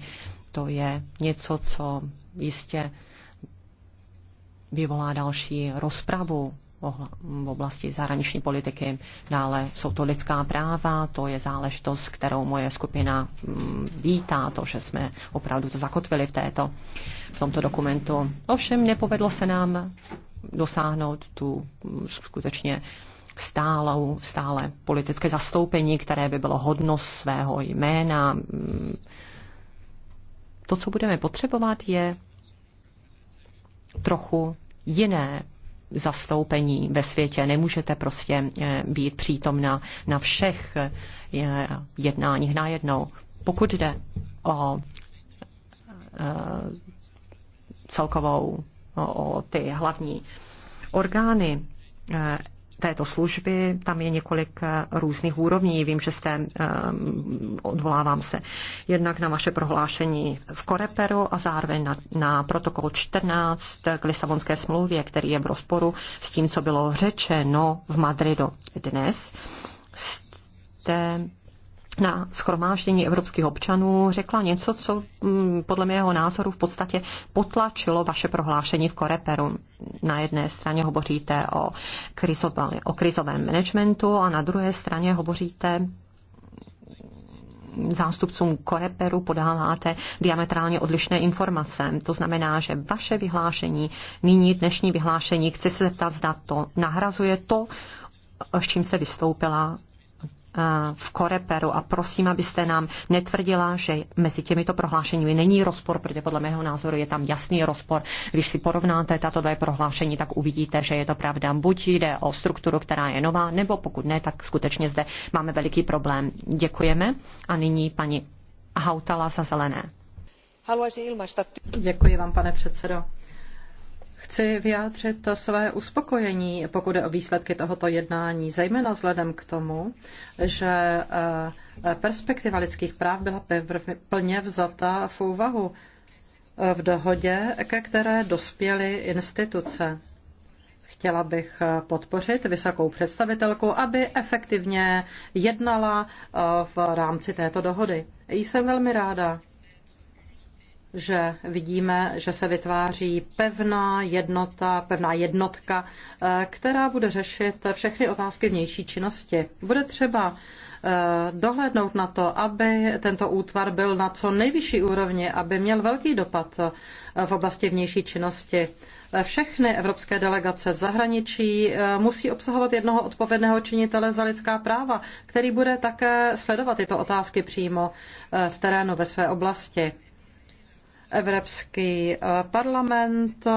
To je něco, co jistě vyvolá další rozpravu v oblasti zahraniční politiky. Dále jsou to lidská práva, to je záležitost, kterou moje skupina mm, vítá, to, že jsme opravdu to zakotvili v, této, v tomto dokumentu. Ovšem nepovedlo se nám dosáhnout tu mm, skutečně stálou, stále politické zastoupení, které by bylo hodno svého jména. Mm, to, co budeme potřebovat, je trochu jiné zastoupení ve světě. Nemůžete prostě eh, být přítomna na všech eh, jednáních najednou. Pokud jde o eh, celkovou, o ty hlavní orgány této služby. Tam je několik eh, různých úrovní. Vím, že jste, eh, odvolávám se jednak na vaše prohlášení v Koreperu a zároveň na, na protokol 14 k Lisabonské smlouvě, který je v rozporu s tím, co bylo řečeno v Madridu dnes. Jste na schromáždění evropských občanů řekla něco, co mm, podle mého názoru v podstatě potlačilo vaše prohlášení v Koreperu. Na jedné straně hovoříte o, krizovém, o krizovém managementu a na druhé straně hovoříte zástupcům Koreperu podáváte diametrálně odlišné informace. To znamená, že vaše vyhlášení, nyní dnešní vyhlášení, chci se zeptat, zda to nahrazuje to, s čím se vystoupila v Koreperu a prosím, abyste nám netvrdila, že mezi těmito prohlášeními není rozpor, protože podle mého názoru je tam jasný rozpor. Když si porovnáte tato dvě prohlášení, tak uvidíte, že je to pravda. Buď jde o strukturu, která je nová, nebo pokud ne, tak skutečně zde máme veliký problém. Děkujeme. A nyní paní Hautala za zelené. Děkuji vám, pane předsedo. Chci vyjádřit své uspokojení, pokud je o výsledky tohoto jednání, zejména vzhledem k tomu, že eh, perspektiva lidských práv byla plně vzata v úvahu eh, v dohodě, ke které dospěly instituce. Chtěla bych eh, podpořit vysokou představitelku, aby efektivně jednala v rámci této dohody. Jsem velmi ráda, že vidíme, že se vytváří pevná jednota, pevná jednotka, eh, která bude řešit všechny otázky vnější činnosti. Bude třeba eh, dohlédnout na to, aby tento útvar byl na co nejvyšší úrovni, aby měl velký dopad eh, v oblasti vnější činnosti. Všechny evropské delegace v zahraničí musí obsahovat jednoho odpovědného činitele za lidská práva, který bude také sledovat tyto otázky přímo v terénu ve své oblasti. Evropský eh, parlament,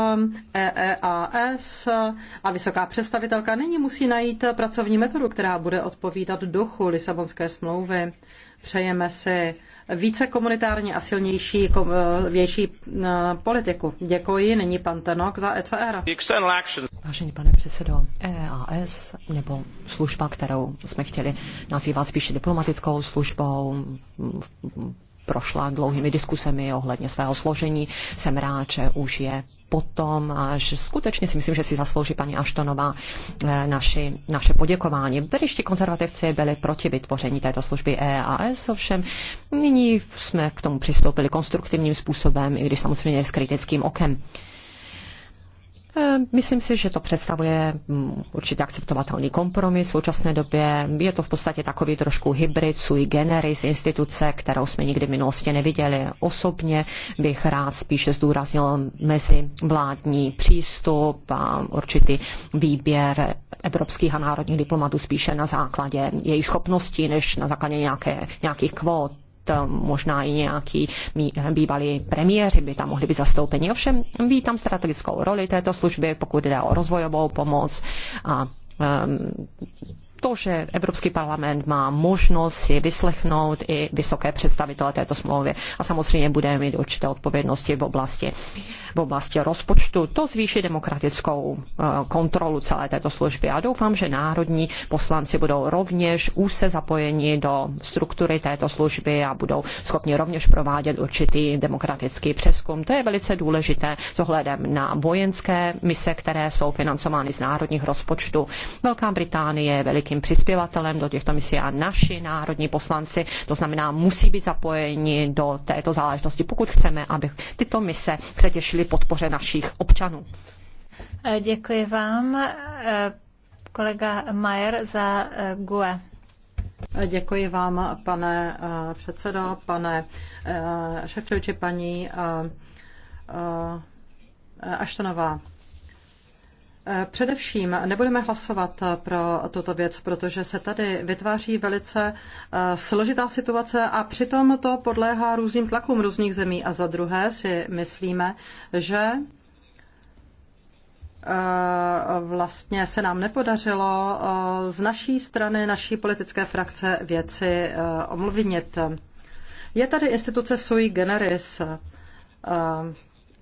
EEAS eh, a vysoká představitelka nyní musí najít pracovní metodu, která bude odpovídat duchu Lisabonské smlouvy. Přejeme si více komunitární a silnější eh, větší politiku. Děkuji, nyní pan Tenok za ECR. Vážený pane předsedo, EAS nebo služba, kterou jsme chtěli nazývat spíše diplomatickou službou, prošla dlouhými diskusemi ohledně svého složení. Jsem rád, že už je potom a že skutečně si myslím, že si zaslouží paní Aštonová eh, naši, naše poděkování. Britští konzervativci byli proti vytvoření této služby EAS, ovšem nyní jsme k tomu přistoupili konstruktivním způsobem, i když samozřejmě s kritickým okem. Eh, myslím si, že to představuje mm, určitě akceptovatelný kompromis v současné době. Je to v podstatě takový trošku hybrid sui generis instituce, kterou jsme nikdy v minulosti neviděli. Osobně bych rád spíše zdůraznil mezi vládní přístup a určitý výběr evropských a národních diplomatů spíše na základě jejich schopností, než na základě nějaké, nějakých kvót možná i nějaký eh, bývalí premiéři by tam mohli být zastoupeni. Ovšem vítám strategickou roli této služby, pokud jde o rozvojovou pomoc a um, to, že Evropský parlament má možnost si vyslechnout i vysoké představitele této smlouvy a samozřejmě budeme mít určité odpovědnosti v oblasti, v oblasti rozpočtu. To zvýší demokratickou eh, kontrolu celé této služby a doufám, že národní poslanci budou rovněž úse zapojeni do struktury této služby a budou schopni rovněž provádět určitý demokratický přeskum. To je velice důležité s ohledem na vojenské mise, které jsou financovány z národních rozpočtů. Velká Británie, je Veliký velkým přispěvatelem do těchto misí a naši národní poslanci, to znamená, musí být zapojeni do této záležitosti, pokud chceme, aby tyto mise se těšily podpoře našich občanů. Eh, děkuji vám, eh, kolega Majer za eh, GUE. Děkuji vám, pane předsedo, pane šefčoviči, paní Aštonová. Eh, především nebudeme hlasovat eh, pro tuto věc, protože se tady vytváří velice eh, složitá situace a přitom to podléhá různým tlakům různých zemí. A za druhé si myslíme, že vlastně se nám nepodařilo z naší strany, naší politické frakce věci omluvit. Je tady instituce sui generis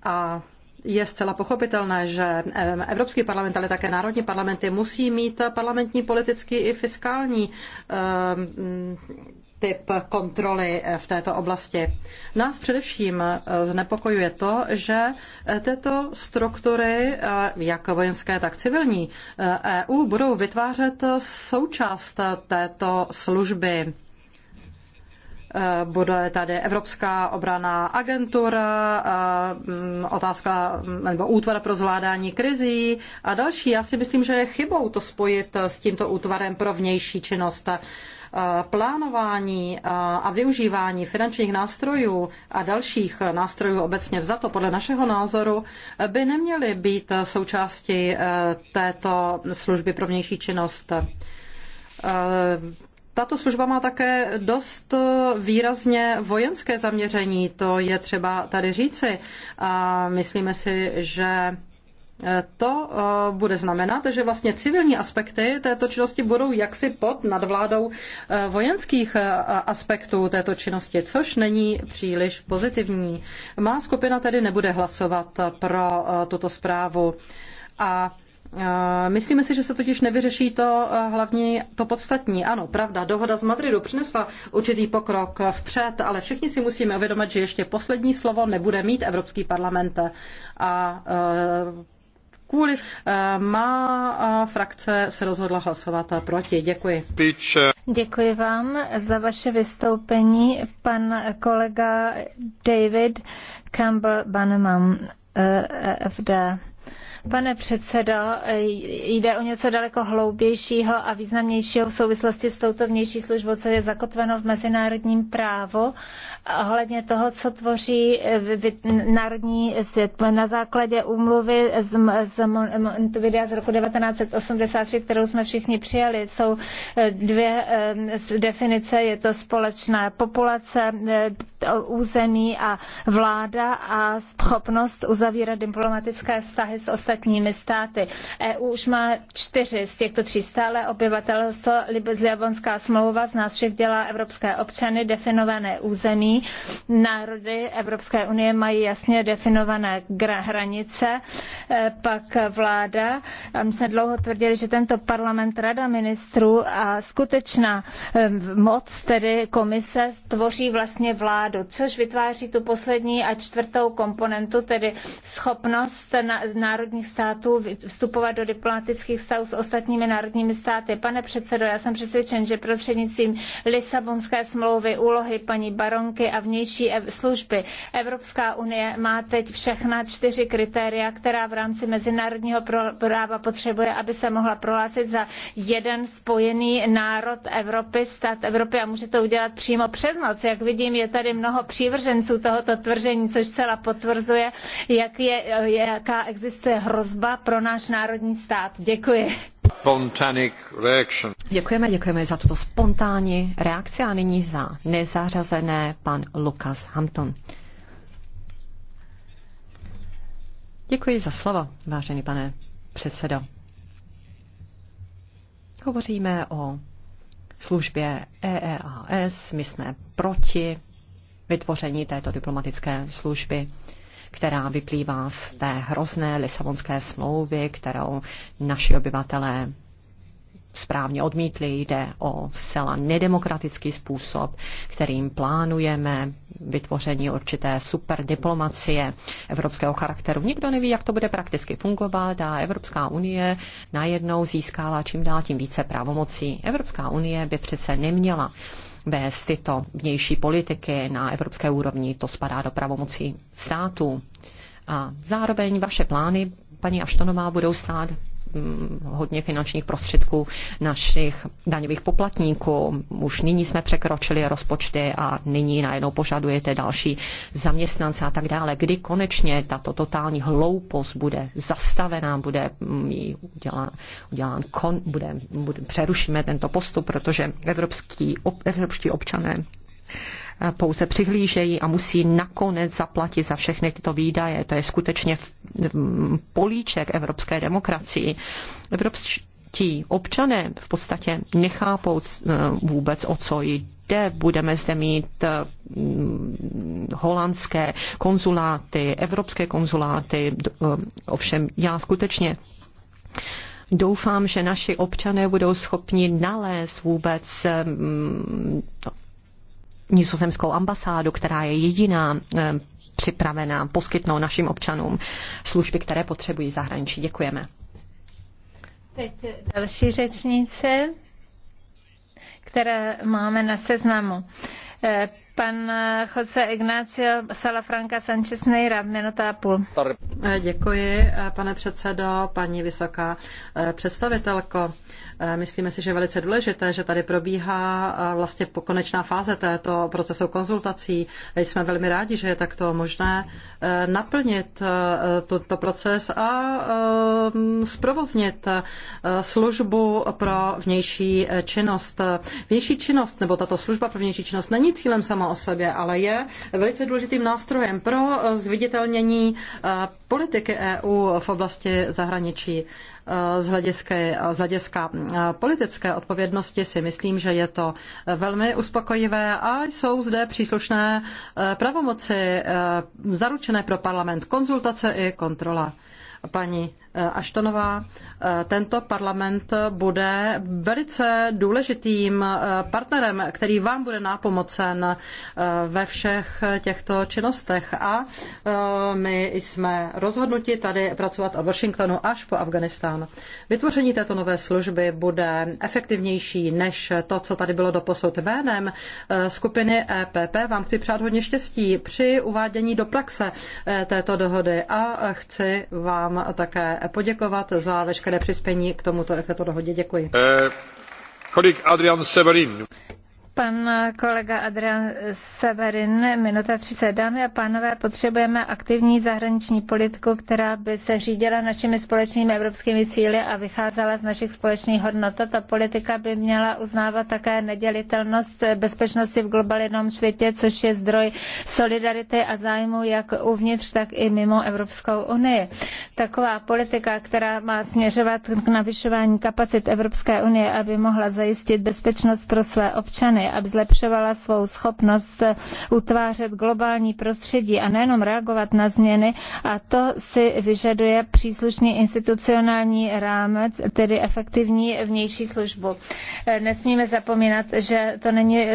a je zcela pochopitelné, že Evropský parlament, ale také národní parlamenty musí mít parlamentní, politický i fiskální typ kontroly v této oblasti. Nás především eh, znepokojuje to, že eh, tyto struktury, eh, jak vojenské, tak civilní EU, e budou vytvářet součást této služby Eh, bude tady Evropská obraná agentura, eh, otázka mm, nebo útvar pro zvládání krizí a další. Já si myslím, že je chybou to spojit eh, s tímto útvarem pro vnější činnost plánování a využívání finančních nástrojů a dalších nástrojů obecně vzato, podle našeho názoru, by neměly být součástí této služby pro vnější činnost tato služba má také dost výrazně vojenské zaměření, to je třeba tady říci. A myslíme si, že to e, bude znamenat, že vlastně civilní aspekty této činnosti budou jaksi pod nadvládou e, vojenských e, aspektů této činnosti, což není příliš pozitivní. Má skupina tedy nebude hlasovat pro tuto zprávu. A Eh, myslíme si, že se totiž nevyřeší to eh, hlavní, to podstatní. Ano, pravda, dohoda z Madridu přinesla určitý pokrok vpřed, ale všichni si musíme uvědomit, že ještě poslední slovo nebude mít Evropský parlament. A eh, kvůli má frakce se rozhodla hlasovat proti. Děkuji. Děkuji vám za vaše vystoupení. Pan kolega David Campbell Bannemann, FD. Pane předsedo, jde o něco daleko hloubějšího a významnějšího v souvislosti s touto vnější službou, co je zakotveno v mezinárodním právu ohledně toho, co tvoří eh, národní svět. Na základě úmluvy z, z Montevidea z roku 1983, kterou jsme všichni přijali, jsou eh, dvě eh, definice. Je to společná populace, území a vláda a schopnost uzavírat diplomatické vztahy s ostatními ostatními státy. EU už má čtyři z těchto tří stále obyvatelstvo. Lisabonská smlouva z nás všech dělá evropské občany, definované území. Národy Evropské unie mají jasně definované hranice, e, pak vláda. A my jsme dlouho tvrdili, že tento parlament, rada ministrů a skutečná e, moc, tedy komise, tvoří vlastně vládu, což vytváří tu poslední a čtvrtou komponentu, tedy schopnost národní národních států vstupovat do diplomatických vztahů s ostatními národními státy. Pane předsedo, já jsem přesvědčen, že prostřednictvím Lisabonské smlouvy úlohy paní baronky a vnější služby Evropská unie má teď všechna čtyři kritéria, která v rámci mezinárodního práva potřebuje, aby se mohla prohlásit za jeden spojený národ Evropy, stát Evropy a může to udělat přímo přes noc. Jak vidím, je tady mnoho přívrženců tohoto tvrzení, což zcela potvrzuje, jak je, jaká existuje hrozba pro náš národní stát. Děkuji. Děkujeme, děkujeme za tuto spontánní reakci a nyní za nezařazené pan Lukas Hampton. Děkuji za slovo, vážený pane předsedo. Hovoříme o službě EEAS, my jsme proti vytvoření této diplomatické služby která vyplývá z té hrozné Lisabonské smlouvy, kterou naši obyvatelé správně odmítli, jde o zcela nedemokratický způsob, kterým plánujeme vytvoření určité superdiplomacie evropského charakteru. Nikdo neví, jak to bude prakticky fungovat a Evropská unie najednou získává čím dál tím více pravomocí. Evropská unie by přece neměla uh, vést tyto vnější politiky na evropské úrovni, to spadá do pravomocí států. A zároveň vaše plány, paní Aštonová, budou stát Mm, hodně finančních prostředků našich daňových poplatníků. Už nyní jsme překročili rozpočty a nyní najednou požadujete další zaměstnance a tak dále. Kdy konečně tato totální hloupost bude zastavená, bude mm, udělán, udělán kon, bude, bude, přerušíme tento postup, protože evropský, evropští občané pouze přihlížejí a musí nakonec zaplatit za všechny tyto výdaje. To je skutečně políček evropské demokracii. Evropští občané v podstatě nechápou eh, vůbec, o co jde. Budeme zde mít eh, mm, holandské konzuláty, evropské konzuláty. Eh, ovšem já skutečně Doufám, že naši občané budou schopni nalézt vůbec mm, nizozemskou ambasádu, která je jediná eh, připravená poskytnout našim občanům služby, které potřebují zahraničí. Děkujeme. Teď další řečnice, které máme na seznamu. Eh, Pan Jose Ignacio Salafranca Sanchez Neira, minuta a půl. Eh, děkuji, eh, pane předsedo, paní vysoká eh, představitelko. Myslíme si, že je velice důležité, že tady probíhá vlastně konečná fáze této procesu konzultací. Jsme velmi rádi, že je takto možné naplnit tento proces a zprovoznit službu pro vnější činnost. Vnější činnost nebo tato služba pro vnější činnost není cílem sama o sobě, ale je velice důležitým nástrojem pro zviditelnění eh, politiky EU v oblasti zahraničí. Eh, z hlediska, z hlediska eh, politické odpovědnosti si myslím, že je to velmi uspokojivé a jsou zde příslušné pravomoci zaručené pro parlament, konzultace i kontrola paní eh, Aštonová, eh, tento parlament bude velice důležitým eh, partnerem, který vám bude nápomocen ve všech těchto činnostech. A my jsme rozhodnuti tady pracovat od Washingtonu až po Afganistán. Vytvoření této nové služby bude efektivnější než to, co tady bylo doposud jménem skupiny EPP. Vám chci přát hodně štěstí při uvádění do praxe této dohody a chci vám vám také poděkovat za veškeré přispění k tomuto k této dohodě. Děkuji. Eh, kolik Adrian Severin. Pan kolega Adrian Severin, minuta 30. Dámy a pánové, potřebujeme aktivní zahraniční politiku, která by se řídila našimi společnými evropskými cíly a vycházela z našich společných hodnot. Tato politika by měla uznávat také nedělitelnost bezpečnosti v globálním světě, což je zdroj solidarity a zájmu jak uvnitř, tak i mimo Evropskou unii. Taková politika, která má směřovat k navyšování kapacit Evropské unie, aby mohla zajistit bezpečnost pro své občany aby zlepšovala svou schopnost utvářet globální prostředí a nejenom reagovat na změny, a to si vyžaduje příslušný institucionální rámec, tedy efektivní vnější službu. Nesmíme zapomínat, že to není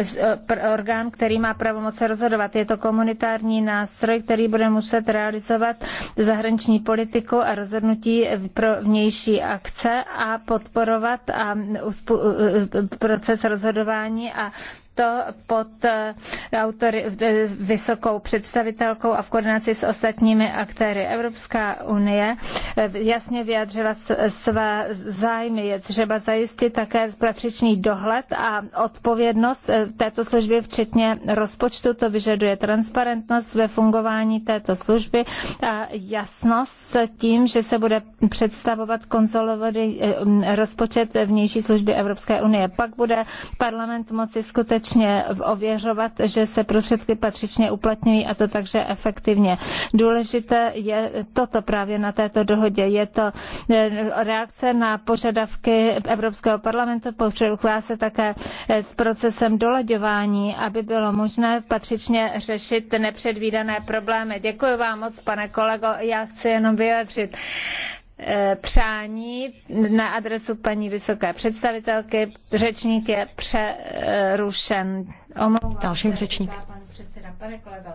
orgán, který má pravomoce rozhodovat. Je to komunitární nástroj, který bude muset realizovat zahraniční politiku a rozhodnutí pro vnější akce a podporovat a proces rozhodování a to pod eh, autory, eh, vysokou představitelkou a v koordinaci s ostatními aktéry. Evropská unie eh, jasně vyjadřila své zájmy. Je třeba zajistit také patřičný dohled a odpovědnost této služby, včetně rozpočtu. To vyžaduje transparentnost ve fungování této služby a jasnost tím, že se bude představovat konsolidovaný rozpočet vnější služby Evropské unie. Pak bude parlament moci skutečně patřičně ověřovat, že se prostředky patřičně uplatňují a to takže efektivně. Důležité je toto právě na této dohodě. Je to e, reakce na požadavky Evropského parlamentu, požadavá se také e, s procesem dolaďování, aby bylo možné patřičně řešit nepředvídané problémy. Děkuji vám moc, pane kolego, já chci jenom vyjádřit Eh, přání na adresu paní vysoké představitelky. Řečník je přerušen. Omlouvám Další řečník. Pan předseda, pane kolego.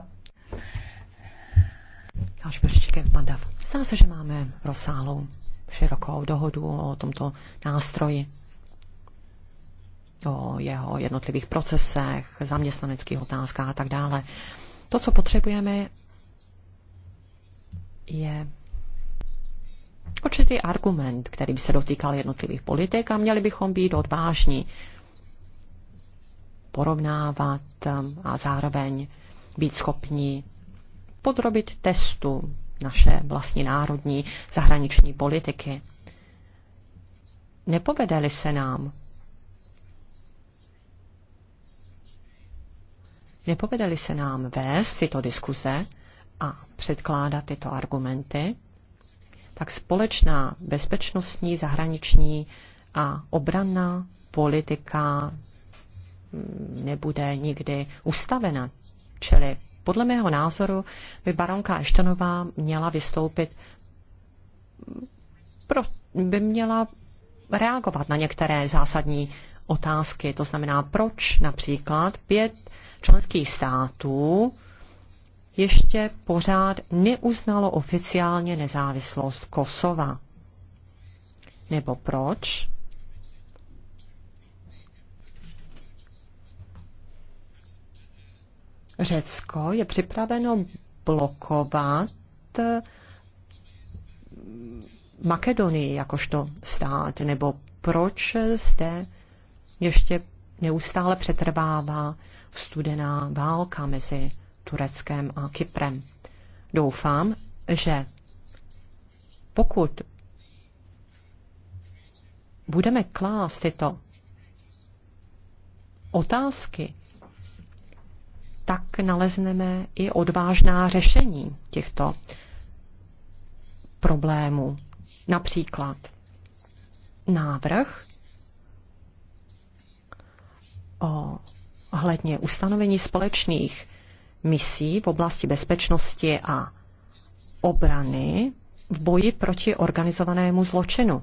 Další řečník, pan Dav. Zdá se, že máme rozsáhlou širokou dohodu o tomto nástroji o jeho jednotlivých procesech, zaměstnaneckých otázkách a tak dále. To, co potřebujeme, je určitý argument, který by se dotýkal jednotlivých politik a měli bychom být odvážní porovnávat um, a zároveň být schopni podrobit testu naše vlastní národní zahraniční politiky. Nepovedeli se nám nepovedeli se nám vést tyto diskuze a předkládat tyto argumenty, tak společná bezpečnostní, zahraniční a obranná politika mm, nebude nikdy ustavena. Čili podle mého názoru by baronka Eštonová měla vystoupit, pro, by měla reagovat na některé zásadní otázky. To znamená, proč například pět členských států ještě pořád neuznalo oficiálně nezávislost Kosova. Nebo proč? Řecko je připraveno blokovat eh, Makedonii jakožto stát, nebo proč zde ještě neustále přetrvává studená válka mezi Tureckem a Kyprem. Doufám, že pokud budeme klást tyto otázky, tak nalezneme i odvážná řešení těchto problémů. Například návrh o hledně ustanovení společných misí v oblasti bezpečnosti a obrany v boji proti organizovanému zločinu,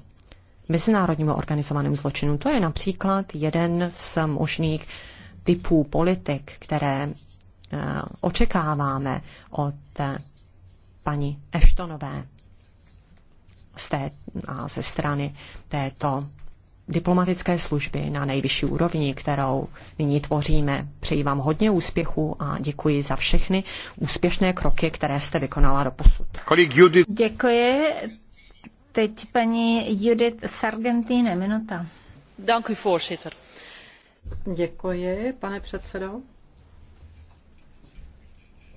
mezinárodnímu organizovanému zločinu. To je například jeden z možných typů politik, které eh, očekáváme od paní Eštonové z té, a ze strany této diplomatické služby na nejvyšší úrovni, kterou nyní tvoříme. Přeji vám hodně úspěchu a děkuji za všechny úspěšné kroky, které jste vykonala do posud. Děkuji. Teď paní Judith Sargentine, minuta. Děkuji, pane předsedo.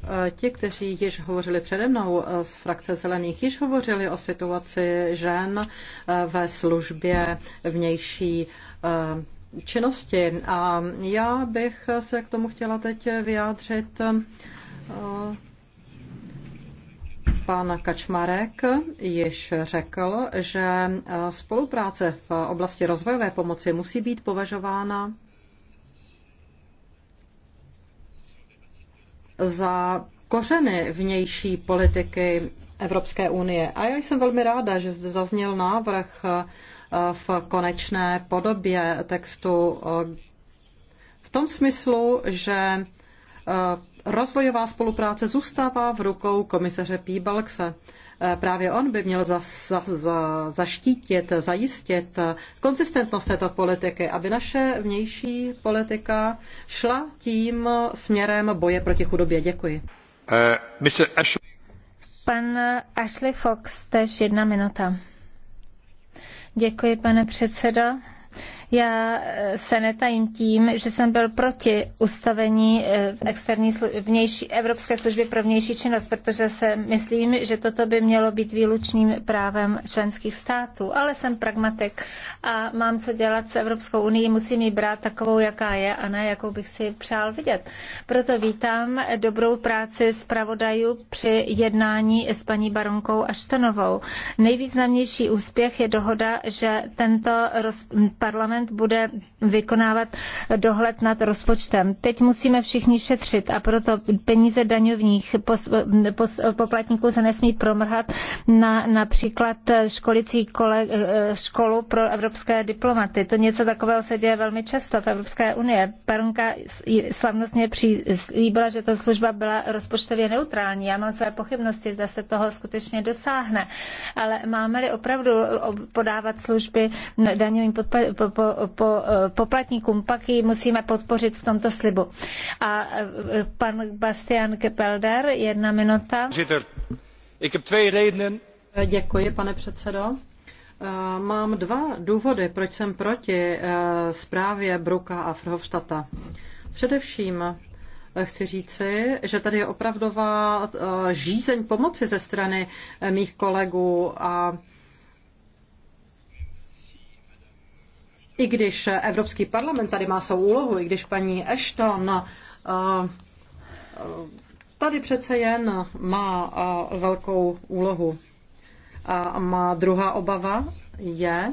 Eh, ti, kteří již hovořili přede mnou eh, z frakce zelených, již hovořili o situaci žen eh, ve službě vnější činnosti. A já bych se k tomu chtěla teď vyjádřit. Pan Kačmarek již řekl, že spolupráce v oblasti rozvojové pomoci musí být považována za kořeny vnější politiky Evropské unie. A já jsem velmi ráda, že zde zazněl návrh eh, v konečné podobě textu eh, v tom smyslu, že eh, rozvojová spolupráce zůstává v rukou komisaře Píbalkse Právě on by měl za, za, za, zaštítit, zajistit konzistentnost této politiky, aby naše vnější politika šla tím směrem boje proti chudobě. Děkuji. Uh, Pan Ashley Fox, tež jedna minuta. Děkuji, pane předsedo. Já eh, se netajím tím, že jsem byl proti ustavení eh, externí vnější, Evropské služby pro vnější činnost, protože se myslím, že toto by mělo být výlučným právem členských států. Ale jsem pragmatik a mám co dělat s Evropskou unii, musím ji brát takovou, jaká je a ne jakou bych si přál vidět. Proto vítám dobrou práci zpravodajů při jednání s paní baronkou Aštanovou. Nejvýznamnější úspěch je dohoda, že tento parlament parlament bude vykonávat dohled nad rozpočtem. Teď musíme všichni šetřit a proto peníze daňovních pos, pos, poplatníků se nesmí promrhat na například školicí kole, školu pro evropské diplomaty. To něco takového se děje velmi často v Evropské unii. Baronka slavnostně přislíbila, že ta služba byla rozpočtově neutrální. Já mám své pochybnosti, zda se toho skutečně dosáhne. Ale máme-li opravdu podávat služby daňovým podpa- po- po, eh, poplatníkům, pak ji musíme podpořit v tomto slibu. A eh, pan Bastian Kepelder, jedna minuta. Eh, děkuji, pane předsedo. Mám dva důvody, proč jsem proti zprávě Bruka a Frhovštata. Především chci říci, že tady je opravdová žízeň pomoci ze strany mých kolegů a i když Evropský parlament tady má svou úlohu, i když paní Ashton eh, tady přece jen má eh, velkou úlohu. A má druhá obava je,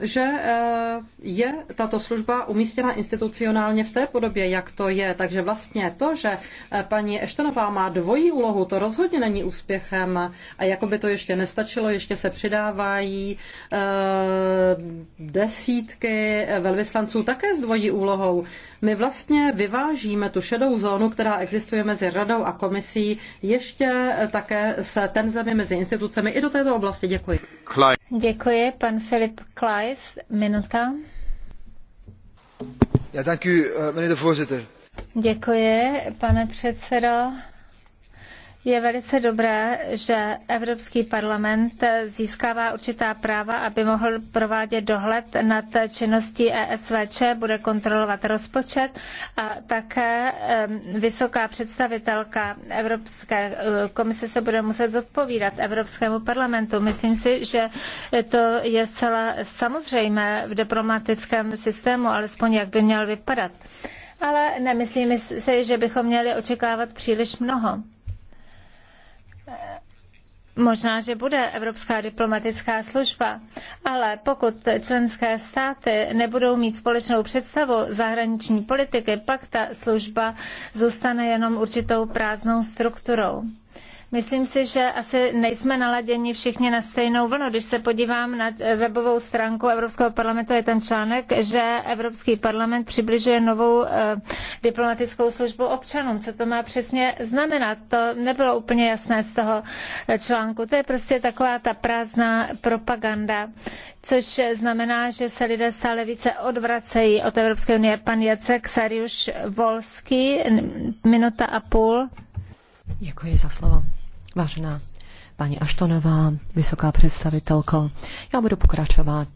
že eh, je tato služba umístěna institucionálně v té podobě, jak to je. Takže vlastně to, že eh, paní Eštonová má dvojí úlohu, to rozhodně není úspěchem. A jako by to ještě nestačilo, ještě se přidávají eh, desítky velvyslanců také s dvojí úlohou. My vlastně vyvážíme tu šedou zónu, která existuje mezi radou a komisí, ještě také se zemi mezi institucemi i do této oblasti. Děkuji. Klein. Děkuji, pan Filip Kleis, minuta. Ja, voorzitter. Eh, Děkuji, pane předsedo. Je velice dobré, že Evropský parlament získává určitá práva, aby mohl provádět dohled nad činností ESVČ, bude kontrolovat rozpočet a také vysoká představitelka Evropské eh, komise se bude muset zodpovídat Evropskému parlamentu. Myslím si, že to je zcela samozřejmé v diplomatickém systému, alespoň jak by měl vypadat. Ale nemyslím si, že bychom měli očekávat příliš mnoho. Možná, že bude Evropská diplomatická služba, ale pokud členské státy nebudou mít společnou představu zahraniční politiky, pak ta služba zůstane jenom určitou prázdnou strukturou. Myslím si, že asi nejsme naladěni všichni na stejnou vlnu. Když se podívám na eh, webovou stránku Evropského parlamentu, je tam článek, že Evropský parlament přibližuje novou eh, diplomatickou službu občanům. Co to má přesně znamenat? To nebylo úplně jasné z toho eh, článku. To je prostě taková ta prázdná propaganda, což znamená, že se lidé stále více odvracejí od Evropské unie. Pan Jacek Sariuš Volský, minuta a půl. Děkuji za slovo. Vážená paní Aštonová, vysoká představitelko, já budu pokračovat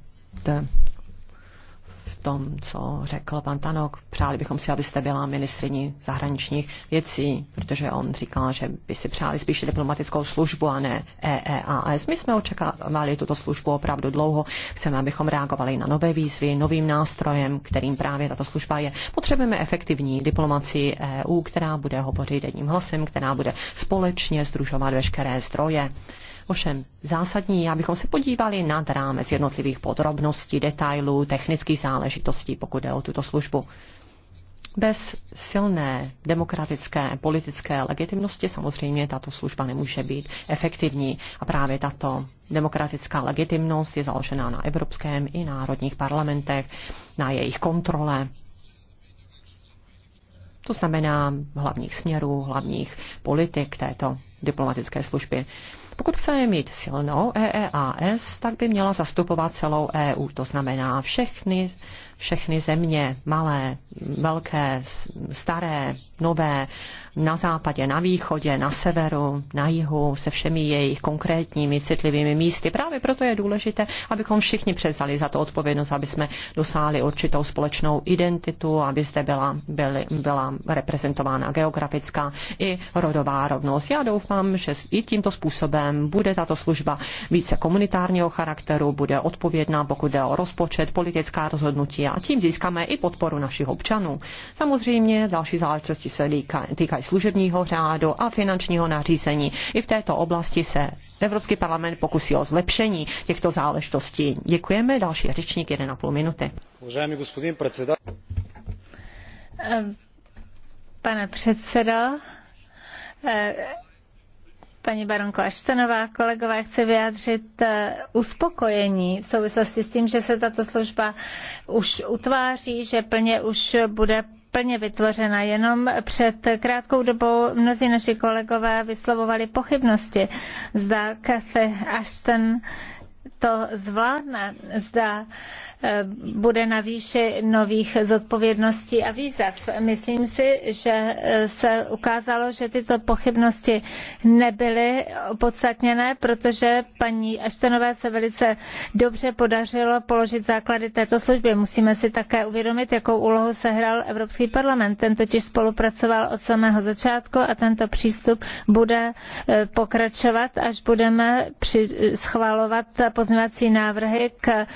tom, co řekl pan Tanok. Přáli bychom si, abyste byla ministriní zahraničních věcí, protože on říkal, že by si přáli spíše diplomatickou službu a ne EEAS. My jsme očekávali tuto službu opravdu dlouho. Chceme, abychom reagovali na nové výzvy, novým nástrojem, kterým právě tato služba je. Potřebujeme efektivní diplomaci EU, která bude hovořit jedním hlasem, která bude společně združovat veškeré zdroje Ovšem zásadní, abychom se podívali nad rámec jednotlivých podrobností, detailů, technických záležitostí, pokud jde o tuto službu. Bez silné demokratické politické legitimnosti samozřejmě tato služba nemůže být efektivní a právě tato demokratická legitimnost je založená na evropském i národních parlamentech, na jejich kontrole. To znamená hlavních směrů, hlavních politik této diplomatické služby. Pokud chceme mít silnou EEAS, tak by měla zastupovat celou EU, to znamená všechny, všechny země, malé, velké, staré, nové, na západě, na východě, na severu, na jihu, se všemi jejich konkrétními citlivými místy. Právě proto je důležité, abychom všichni převzali za to odpovědnost, aby jsme dosáhli určitou společnou identitu, aby zde byla, byly, byla reprezentována geografická i rodová rovnost. Já doufám, že i tímto způsobem bude tato služba více komunitárního charakteru, bude odpovědná, pokud jde o rozpočet, politická rozhodnutí a tím získáme i podporu našich občanů. Samozřejmě další záležitosti se týkají týka i služebního řádu a finančního nařízení. I v této oblasti se Evropský parlament pokusí o zlepšení těchto záležitostí. Děkujeme. Další řečník 1,5 minuty. Уважаемый gospodin председатель. Ehm, pane předsedo, eh, paní baronko Aštenová, kolegové, chci vyjádřit eh, uspokojení v souvislosti s tím, že se tato služba už utváří, že plně už bude plně vytvořena. Jenom před krátkou dobou mnozí naši kolegové vyslovovali pochybnosti. Zda Cathy Ashton to zvládne, zda Eh, bude na výši nových zodpovědností a výzev. Myslím si, že eh, se ukázalo, že tyto pochybnosti nebyly opodstatněné, protože paní Aštenové se velice dobře podařilo položit základy této služby. Musíme si také uvědomit, jakou úlohu sehrál Evropský parlament. Ten totiž spolupracoval od samého začátku a tento přístup bude eh, pokračovat, až budeme schvalovat pozměňovací návrhy k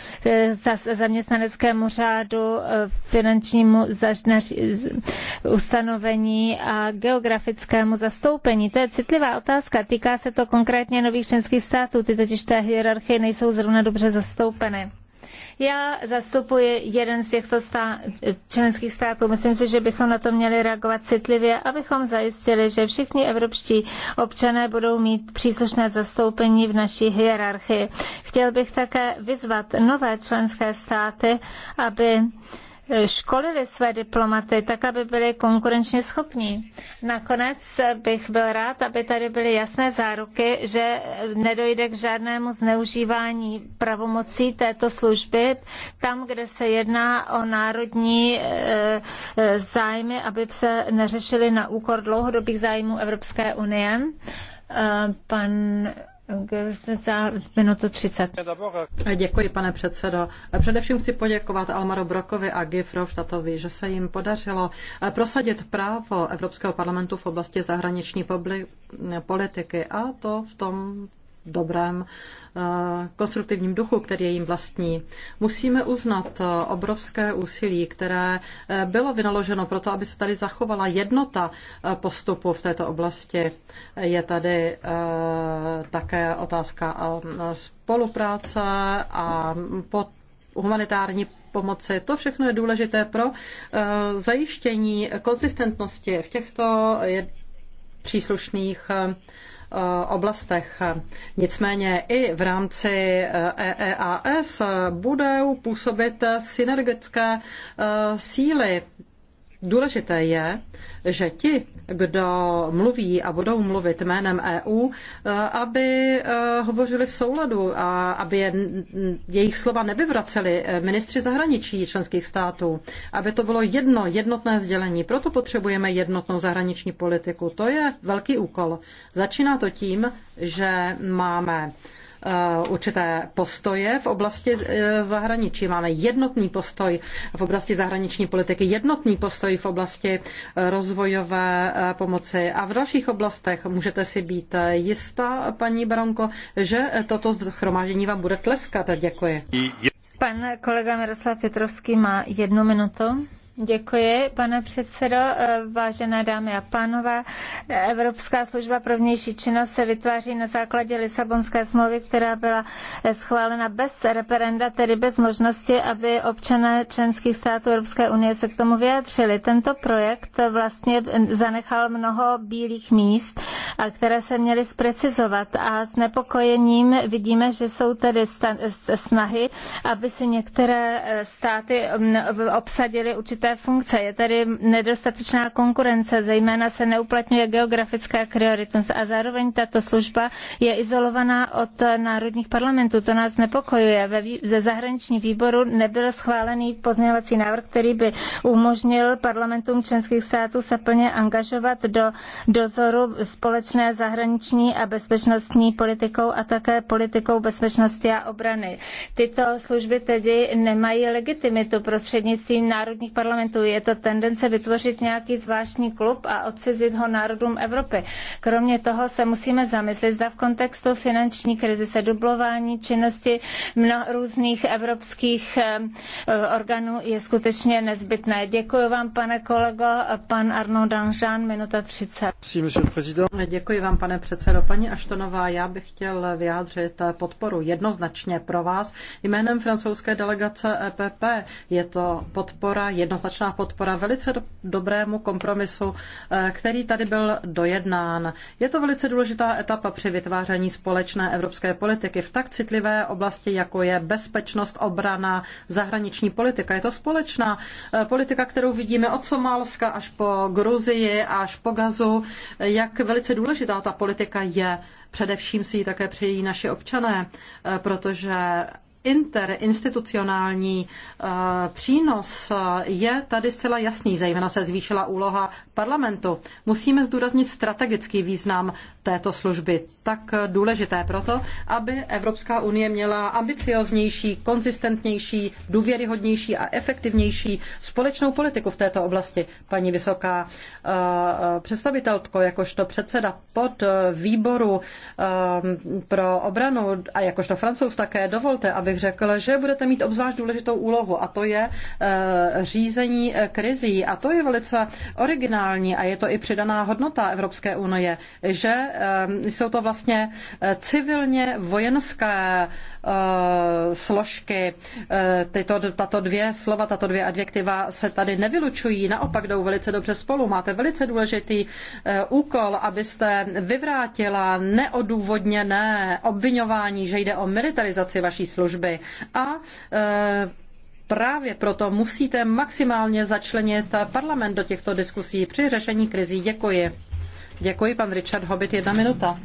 zase zaměstnaneckému řádu, eh, finančnímu ustanovení a geografickému zastoupení. To je citlivá otázka. Týká se to konkrétně nových členských států. Ty totiž té hierarchie nejsou zrovna dobře zastoupeny. Já zastupuji jeden z těchto stá- členských států. Myslím si, že bychom na to měli reagovat citlivě, abychom zajistili, že všichni evropští občané budou mít příslušné zastoupení v naší hierarchii. Chtěl bych také vyzvat nové členské státy, aby školili své diplomaty tak, aby byli konkurenčně schopní. Nakonec bych byl rád, aby tady byly jasné záruky, že nedojde k žádnému zneužívání pravomocí této služby tam, kde se jedná o národní eh, eh, zájmy, aby se neřešily na úkor dlouhodobých zájmů Evropské unie. Eh, pan za Děkuji, pane předsedo. Především chci poděkovat Almaru Brokovi a Gifrov Štatovi, že se jim podařilo eh, prosadit právo Evropského parlamentu v oblasti zahraniční politiky a to v tom dobrém eh, konstruktivním duchu, který je jim vlastní. Musíme uznat eh, obrovské úsilí, které eh, bylo vynaloženo pro to, aby se tady zachovala jednota postupu v této oblasti. Je tady také otázka spolupráce a pod humanitární pomoci. To všechno je důležité pro zajištění konsistentnosti v těchto příslušných Eh, oblastech. Nicméně i v rámci EEAS eh, e budou působit synergické eh, síly Důležité je, že ti, kdo mluví a budou mluvit jménem EU, eh, aby eh, hovořili v souladu a aby je, jejich slova nevyvraceli eh, ministři zahraničí členských států, aby to bylo jedno, jednotné sdělení. Proto potřebujeme jednotnou zahraniční politiku. To je velký úkol. Začíná to tím, že máme Eh, určité postoje v oblasti eh, zahraničí. Máme jednotný postoj v oblasti zahraniční politiky, jednotný postoj v oblasti eh, rozvojové pomoci a v dalších oblastech můžete si být jistá, paní Baronko, že toto zhromáždění vám bude tleskat. Děkuji. Pan kolega Miroslav Petrovský má jednu minutu. Děkuji, pane předsedo. Eh, vážené dámy a pánové, Evropská služba pro vnější činnost se vytváří na základě Lisabonské smlouvy, která byla eh, schválena bez referenda, tedy bez možnosti, aby občané členských států Evropské unie se k tomu vyjádřili. Tento projekt vlastně zanechal mnoho bílých míst, které se měly zprecizovat a s nepokojením vidíme, že jsou tedy snahy, aby si některé eh, státy mm, obsadili určité důležité funkce. Je tady nedostatečná konkurence, zejména se neuplatňuje geografická prioritnost a zároveň tato služba je izolovaná od národních parlamentů. To nás nepokojuje. Ze zahraniční výboru nebyl schválený pozměňovací návrh, který by umožnil parlamentům členských států se plně angažovat do dozoru společné zahraniční a bezpečnostní politikou a také politikou bezpečnosti a obrany. Tyto služby tedy nemají legitimitu prostřednictvím národních parlamentů parlamentu. Je to tendence vytvořit nějaký zvláštní klub a odcizit ho národům Evropy. Kromě toho se musíme zamyslet, zda v kontextu finanční krize se dublování činnosti mnoha různých evropských eh, eh, orgánů je skutečně nezbytné. Děkuji vám, pane kolego, pan Arnaud Danžán, minuta 30. Eh, děkuji vám, pane předsedo. Paní Aštonová, já bych chtěl vyjádřit podporu jednoznačně pro vás jménem francouzské delegace EPP. Je to podpora jednoznačně jednoznačná podpora velice dobrému kompromisu, eh, který tady byl dojednán. Je to velice důležitá etapa při vytváření společné evropské politiky v tak citlivé oblasti, jako je bezpečnost, obrana, zahraniční politika. Je to společná eh, politika, kterou vidíme od Somálska až po Gruzii, až po Gazu, jak velice důležitá ta politika je. Především si ji také přejí naši občané, eh, protože interinstitucionální eh, přínos eh, je tady zcela jasný, zejména se zvýšila úloha parlamentu musíme zdůraznit strategický význam této služby, tak důležité proto, aby Evropská unie měla ambicioznější, konzistentnější, důvěryhodnější a efektivnější společnou politiku v této oblasti. Paní vysoká eh, eh, představitelko, jakožto předseda pod eh, výboru pro obranu a jakožto francouz také dovolte, abych řekl, že budete mít obzvlášť důležitou úlohu a to je řízení krizí a to je velice originální originální a je to i přidaná hodnota Evropské unie, že eh, jsou to vlastně eh, civilně vojenské eh, složky. Tyto, tato dvě slova, tato dvě adjektiva se tady nevylučují, naopak jdou velice dobře spolu. Máte velice důležitý úkol, abyste vyvrátila neodůvodněné obvinování, že jde o militarizaci vaší služby a právě proto musíte maximálně začlenit parlament do těchto diskusí při řešení krizí. Děkuji. Děkuji, pan Richard Hobbit, jedna minuta.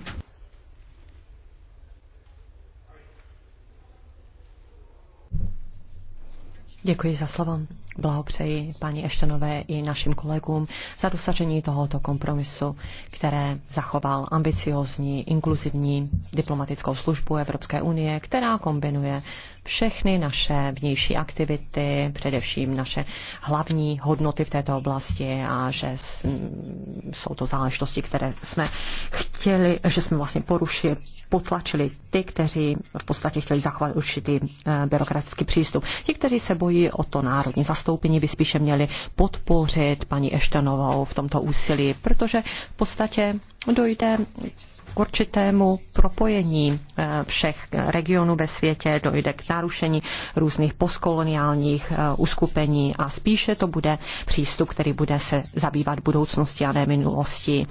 Děkuji za slovo. Blahopřeji paní Eštenové i našim kolegům za dosažení tohoto kompromisu, které zachoval ambiciozní, inkluzivní diplomatickou službu Evropské unie, která kombinuje všechny naše vnější aktivity, především naše hlavní hodnoty v této oblasti a že jsou to záležitosti, které jsme chtěli, že jsme vlastně porušili, potlačili ty, kteří v podstatě chtěli zachovat určitý eh, byrokratický přístup. Ti, kteří se bojí o to národní zastoupení, by spíše měli podpořit paní Eštanovou v tomto úsilí, protože v podstatě dojde k určitému propojení eh, všech regionů ve světě, dojde k narušení různých postkoloniálních eh, uskupení a spíše to bude přístup, který bude se zabývat budoucností a ne minulostí.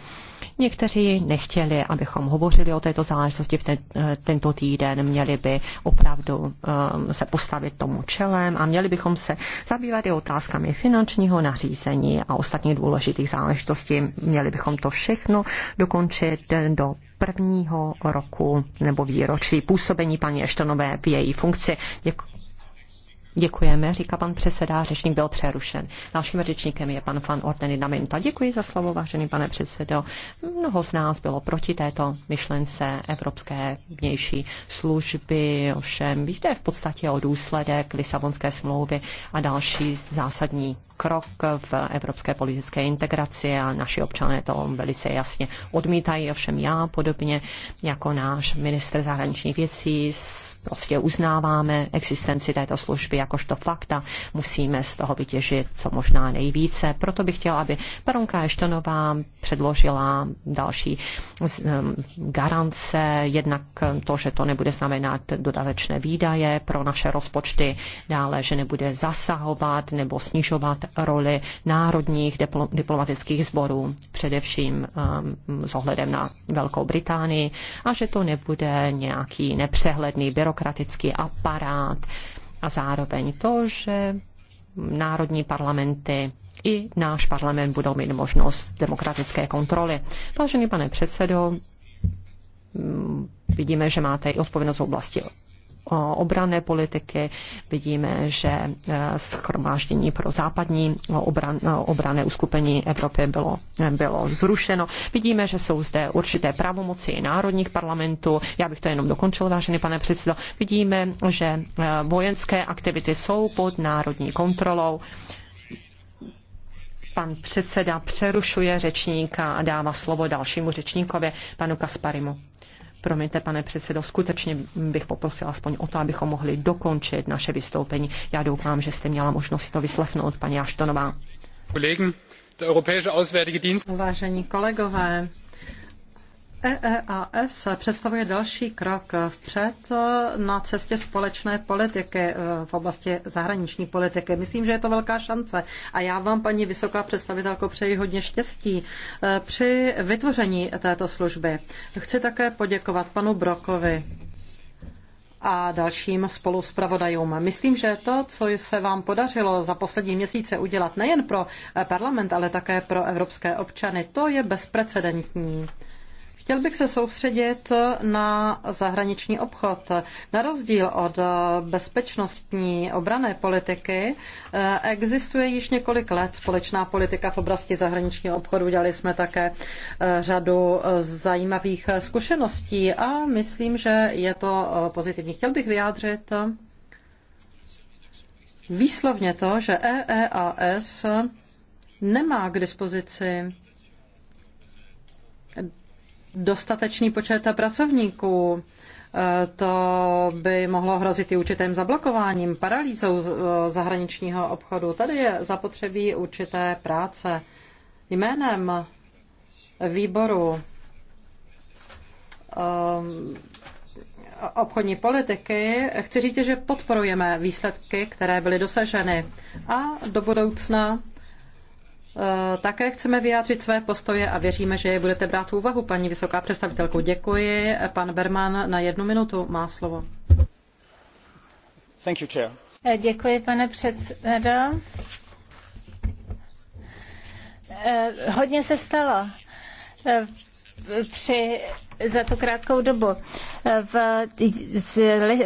Někteří nechtěli, abychom hovořili o této záležitosti v ten, eh, tento týden, měli by opravdu um, se postavit tomu čelem a měli bychom se zabývat i otázkami finančního nařízení a ostatních důležitých záležitostí. Měli bychom to všechno dokončit do prvního roku nebo výročí působení paní Eštonové v její funkci. Děkuji Děkujeme, říká pan předseda, řečník byl přerušen. Dalším řečníkem je pan Fan Orteny Damenta. Děkuji za slovo, vážený pane předsedo. Mnoho z nás bylo proti této myšlence Evropské vnější služby, ovšem jde v podstatě o důsledek Lisabonské smlouvy a další zásadní krok v evropské politické integraci a naši občané to velice jasně odmítají. Ovšem já, podobně jako náš minister zahraničních věcí, prostě uznáváme existenci této služby jakožto fakta. Musíme z toho vytěžit co možná nejvíce. Proto bych chtěla, aby baronka Eštonová předložila další garance, jednak to, že to nebude znamenat dodatečné výdaje pro naše rozpočty, dále, že nebude zasahovat nebo snižovat roli národních diplomatických sborů, především s ohledem na Velkou Británii, a že to nebude nějaký nepřehledný byrokratický aparát, a zároveň to, že národní parlamenty i náš parlament budou mít možnost demokratické kontroly. Vážený pane předsedo, vidíme, že máte i odpovědnost v oblasti Eh, obrané politiky. Vidíme, že eh, schromáždění pro západní eh, obran, obrané uskupení Evropy bylo, bylo zrušeno. Vidíme, že jsou zde určité pravomoci národních parlamentů. Já bych to jenom dokončil, vážený pane předsedo. Vidíme, že vojenské aktivity jsou pod národní kontrolou pan předseda přerušuje řečníka a dává slovo dalšímu řečníkovi, panu Kasparimu. Promiňte, pane předsedo, skutečně bych poprosila aspoň o to, abychom mohli dokončit naše vystoupení. Já doufám, že jste měla možnost si to vyslechnout, paní Aštonová. Vážení kolegové, EEAS představuje další krok vpřed na cestě společné politiky e, v oblasti zahraniční politiky. Myslím, že je to velká šance a já vám, paní vysoká představitelko, přeji hodně štěstí e, při vytvoření této služby. Chci také poděkovat panu Brokovi a dalším spoluspravodajům. Myslím, že to, co se vám podařilo za poslední měsíce udělat nejen pro e, parlament, ale také pro evropské občany, to je bezprecedentní. Chtěl bych se soustředit na zahraniční obchod. Na rozdíl od bezpečnostní obrané politiky eh, existuje již několik let společná politika v oblasti zahraničního obchodu. Dělali jsme také eh, řadu eh, zajímavých zkušeností a myslím, že je to pozitivní. Chtěl bych vyjádřit výslovně to, že EEAS nemá k dispozici dostatečný počet pracovníků. E, to by mohlo hrozit i určitým zablokováním, paralýzou e, zahraničního obchodu. Tady je zapotřebí určité práce. Jménem výboru e, obchodní politiky chci říct, že podporujeme výsledky, které byly dosaženy a do budoucna Eh, také chceme vyjádřit své postoje a věříme, že je budete brát v úvahu. Paní vysoká představitelko, děkuji. Pan Berman na jednu minutu má slovo. Thank you, chair. Eh, děkuji, pane předsedo. Eh, hodně se stalo při za tu krátkou dobu. V,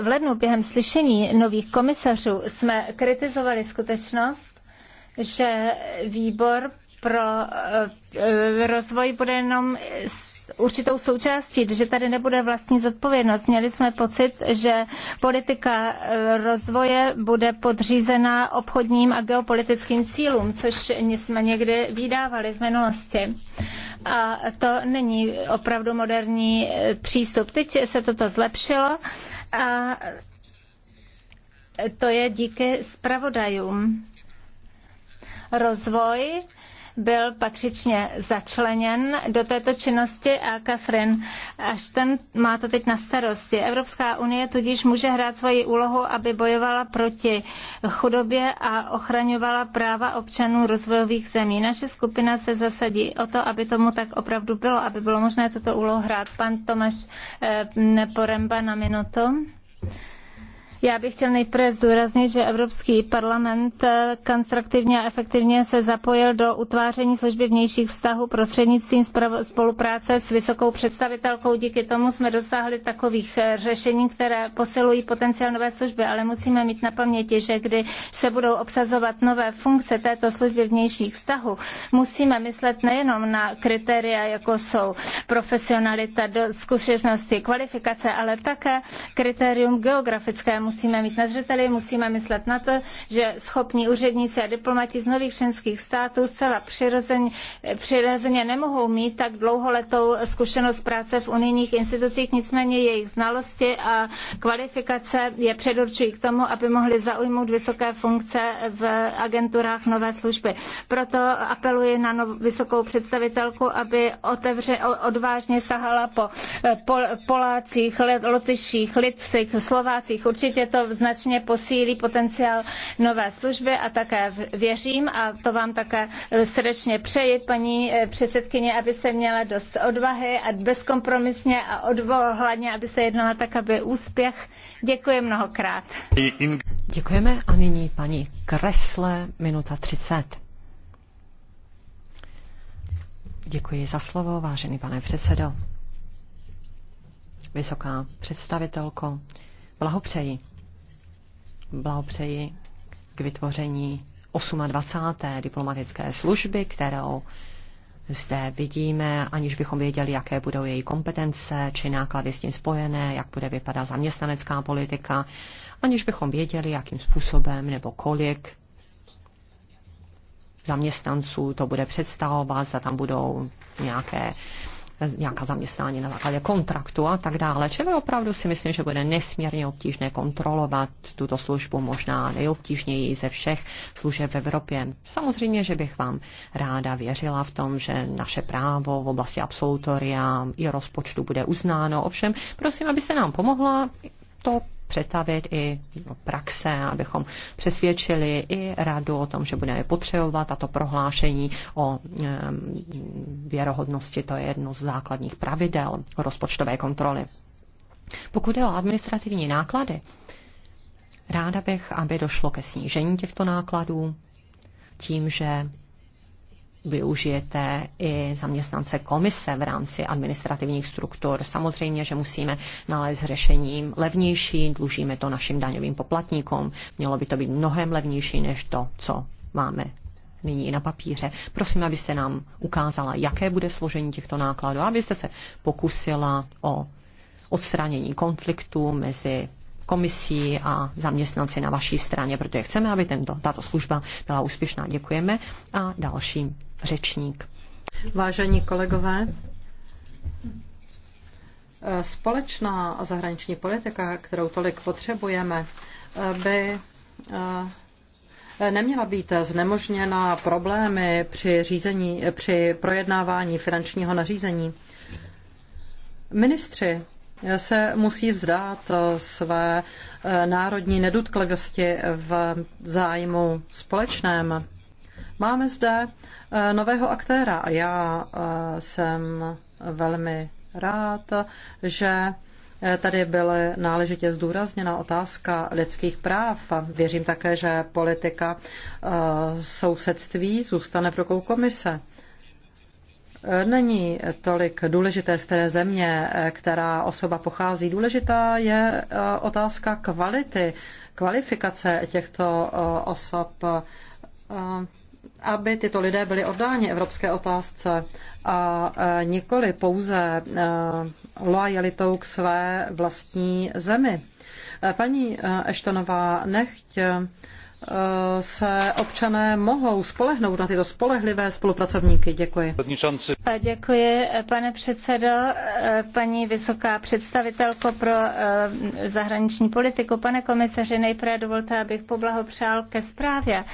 v lednu během slyšení nových komisařů jsme kritizovali skutečnost, že výbor pro eh, eh, rozvoj bude jenom určitou součástí, že tady nebude vlastní zodpovědnost. Měli jsme pocit, že politika eh, rozvoje bude podřízená obchodním a geopolitickým cílům, což jsme někdy vydávali v minulosti. A to není opravdu moderní přístup. Teď se toto zlepšilo a to je díky zpravodajům rozvoj byl patřičně začleněn do této činnosti a Catherine Ashton má to teď na starosti. Evropská unie tudíž může hrát svoji úlohu, aby bojovala proti chudobě a ochraňovala práva občanů rozvojových zemí. Naše skupina se zasadí o to, aby tomu tak opravdu bylo, aby bylo možné tuto úlohu hrát. Pan Tomáš eh, Poremba na minutu. Já bych chtěl nejprve zdůraznit, že Evropský parlament eh, konstruktivně a efektivně se zapojil do utváření služby vnějších vztahů prostřednictvím spolupráce s vysokou představitelkou. Díky tomu jsme dosáhli takových eh, řešení, které posilují potenciál nové služby, ale musíme mít na paměti, že když se budou obsazovat nové funkce této služby vnějších vztahů, musíme myslet nejenom na kritéria, jako jsou profesionalita, zkušenosti, kvalifikace, ale také kritérium geografickému musíme mít na zřeteli, musíme myslet na to, že schopní úředníci a diplomati z nových členských států zcela přirozeně, přirozeně nemohou mít tak dlouholetou zkušenost práce v unijních institucích, nicméně jejich znalosti a kvalifikace je předurčují k tomu, aby mohli zaujmout vysoké funkce v agenturách nové služby. Proto apeluji na nov, vysokou představitelku, aby otevře, odvážně sahala po, eh, po Polácích, Lotyších, Litvcích, Slovácích. Určitě určitě to značně posílí potenciál nové služby a také věřím a to vám také srdečně přeji, paní eh, předsedkyně, abyste měla dost odvahy a bezkompromisně a odvohladně, aby se jednala tak, aby úspěch. Děkuji mnohokrát. Děkujeme a nyní paní Kresle, minuta 30. Děkuji za slovo, vážený pane předsedo. Vysoká představitelko, blahopřeji blahopřeji k vytvoření 28. diplomatické služby, kterou zde vidíme, aniž bychom věděli, jaké budou její kompetence či náklady s tím spojené, jak bude vypadat zaměstnanecká politika, aniž bychom věděli, jakým způsobem nebo kolik zaměstnanců to bude představovat, zda tam budou nějaké nějaká zaměstnání na základě kontraktu a tak dále. Čili opravdu si myslím, že bude nesmírně obtížné kontrolovat tuto službu, možná nejobtížněji ze všech služeb v Evropě. Samozřejmě, že bych vám ráda věřila v tom, že naše právo v oblasti absolutoria i rozpočtu bude uznáno. Ovšem, prosím, abyste nám pomohla to přetavit i do praxe, abychom přesvědčili i radu o tom, že budeme potřebovat a to prohlášení o věrohodnosti, to je jedno z základních pravidel rozpočtové kontroly. Pokud je o administrativní náklady, ráda bych, aby došlo ke snížení těchto nákladů tím, že využijete i zaměstnance komise v rámci administrativních struktur. Samozřejmě, že musíme nalézt řešení levnější, dlužíme to našim daňovým poplatníkům. Mělo by to být mnohem levnější než to, co máme nyní na papíře. Prosím, abyste nám ukázala, jaké bude složení těchto nákladů, abyste se pokusila o odstranění konfliktu mezi komisí a zaměstnanci na vaší straně, protože chceme, aby tento, tato služba byla úspěšná. Děkujeme a dalším řečník. Vážení kolegové, společná zahraniční politika, kterou tolik potřebujeme, by eh, neměla být znemožněna problémy při, řízení, při projednávání finančního nařízení. Ministři se musí vzdát eh, své eh, národní nedotklivosti v zájmu společném. Máme zde eh, nového aktéra a já eh, jsem velmi rád, že eh, Tady byla náležitě zdůrazněna otázka lidských práv. Věřím také, že politika sousedství zůstane v rukou komise. Není tolik důležité z té země, která osoba pochází. Důležitá je otázka kvality, kvalifikace těchto osob aby tyto lidé byli oddáni evropské otázce a e, nikoli pouze e, loajalitou k své vlastní zemi. E, paní Eštonová, nechť Eh, se občané mohou spolehnout na tyto spolehlivé spolupracovníky. Děkuji. Děkuji, pane předsedo, eh, paní vysoká představitelko pro eh, zahraniční politiku. Pane komisaři, nejprve dovolte, abych poblahopřál ke zprávě,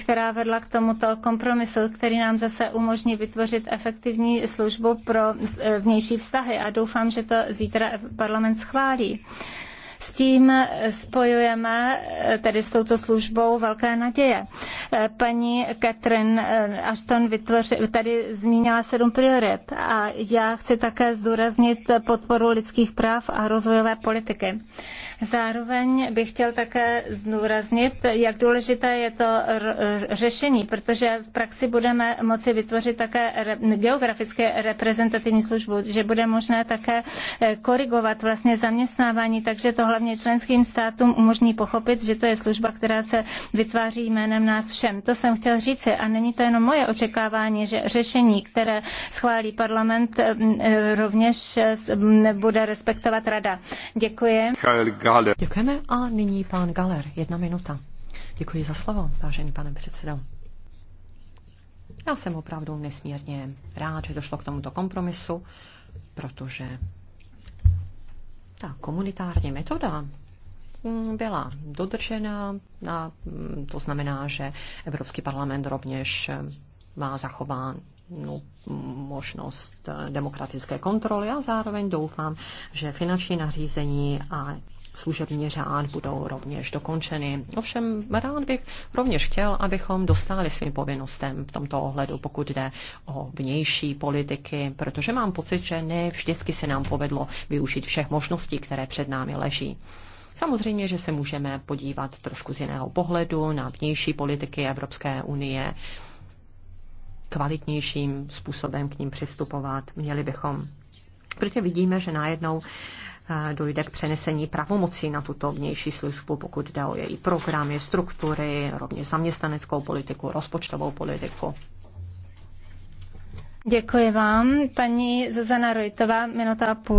která vedla k tomuto kompromisu, který nám zase umožní vytvořit efektivní službu pro vnější vztahy a doufám, že to zítra parlament schválí. S tím spojujeme, eh, tedy s touto službou, velké naděje. Eh, paní Catherine eh, Ashton vytvoři, tady zmínila sedm priorit a já chci také zdůraznit podporu lidských práv a rozvojové politiky. Zároveň bych chtěl také zdůraznit, jak důležité je to řešení, protože v praxi budeme moci vytvořit také geograficky reprezentativní službu, že bude možné také korigovat vlastně zaměstnávání, takže tohle hlavně členským státům umožní pochopit, že to je služba, která se vytváří jménem nás všem. To jsem chtěl říci a není to jenom moje očekávání, že řešení, které schválí parlament, eh, eh, rovněž eh, bude respektovat rada. Děkuji. Děkujeme a nyní pán Galer, jedna minuta. Děkuji za slovo, vážený pane předsedo. Já jsem opravdu nesmírně rád, že došlo k tomuto kompromisu, protože ta komunitární metoda mm, byla dodržena a mm, to znamená, že Evropský parlament rovněž mm, má zachován no, možnost demokratické kontroly a zároveň doufám, že finanční nařízení a služební řád budou rovněž dokončeny. Ovšem rád bych rovněž chtěl, abychom dostali svým povinnostem v tomto ohledu, pokud jde o vnější politiky, protože mám pocit, že ne vždycky se nám povedlo využít všech možností, které před námi leží. Samozřejmě, že se můžeme podívat trošku z jiného pohledu na vnější politiky Evropské unie, kvalitnějším způsobem k ním přistupovat. Měli bychom. Protože vidíme, že najednou dojde k přenesení pravomocí na tuto vnější službu, pokud jde o její programy, struktury, rovněž zaměstnaneckou politiku, rozpočtovou politiku. Děkuji vám. Paní Zuzana Rojtová, minuta a půl.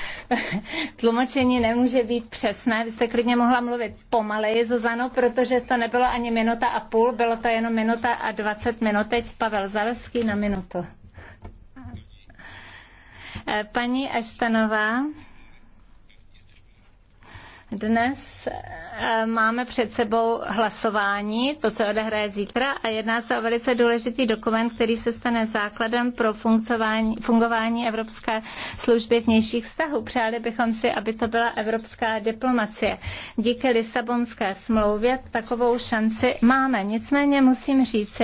tlumočení nemůže být přesné. Vy jste klidně mohla mluvit pomaleji, Zuzano, protože to nebylo ani minuta a půl, bylo to jenom minuta a dvacet minut. Teď Pavel Zalevský na minutu. Eh, paní Eštanová. Dnes eh, máme před sebou hlasování, to se odehraje zítra a jedná se o velice důležitý dokument, který se stane základem pro fungování Evropské služby vnějších vztahů. Přáli bychom si, aby to byla evropská diplomacie. Díky Lisabonské smlouvě takovou šanci máme. Nicméně musím říci,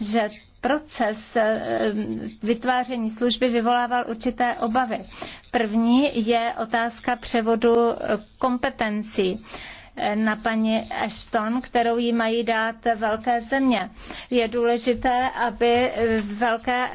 že proces eh, vytváření služby vyvolával určité obavy. První je otázka převodu eh, kompetencí na paní Ashton, kterou jí mají dát velké země. Je důležité, aby velké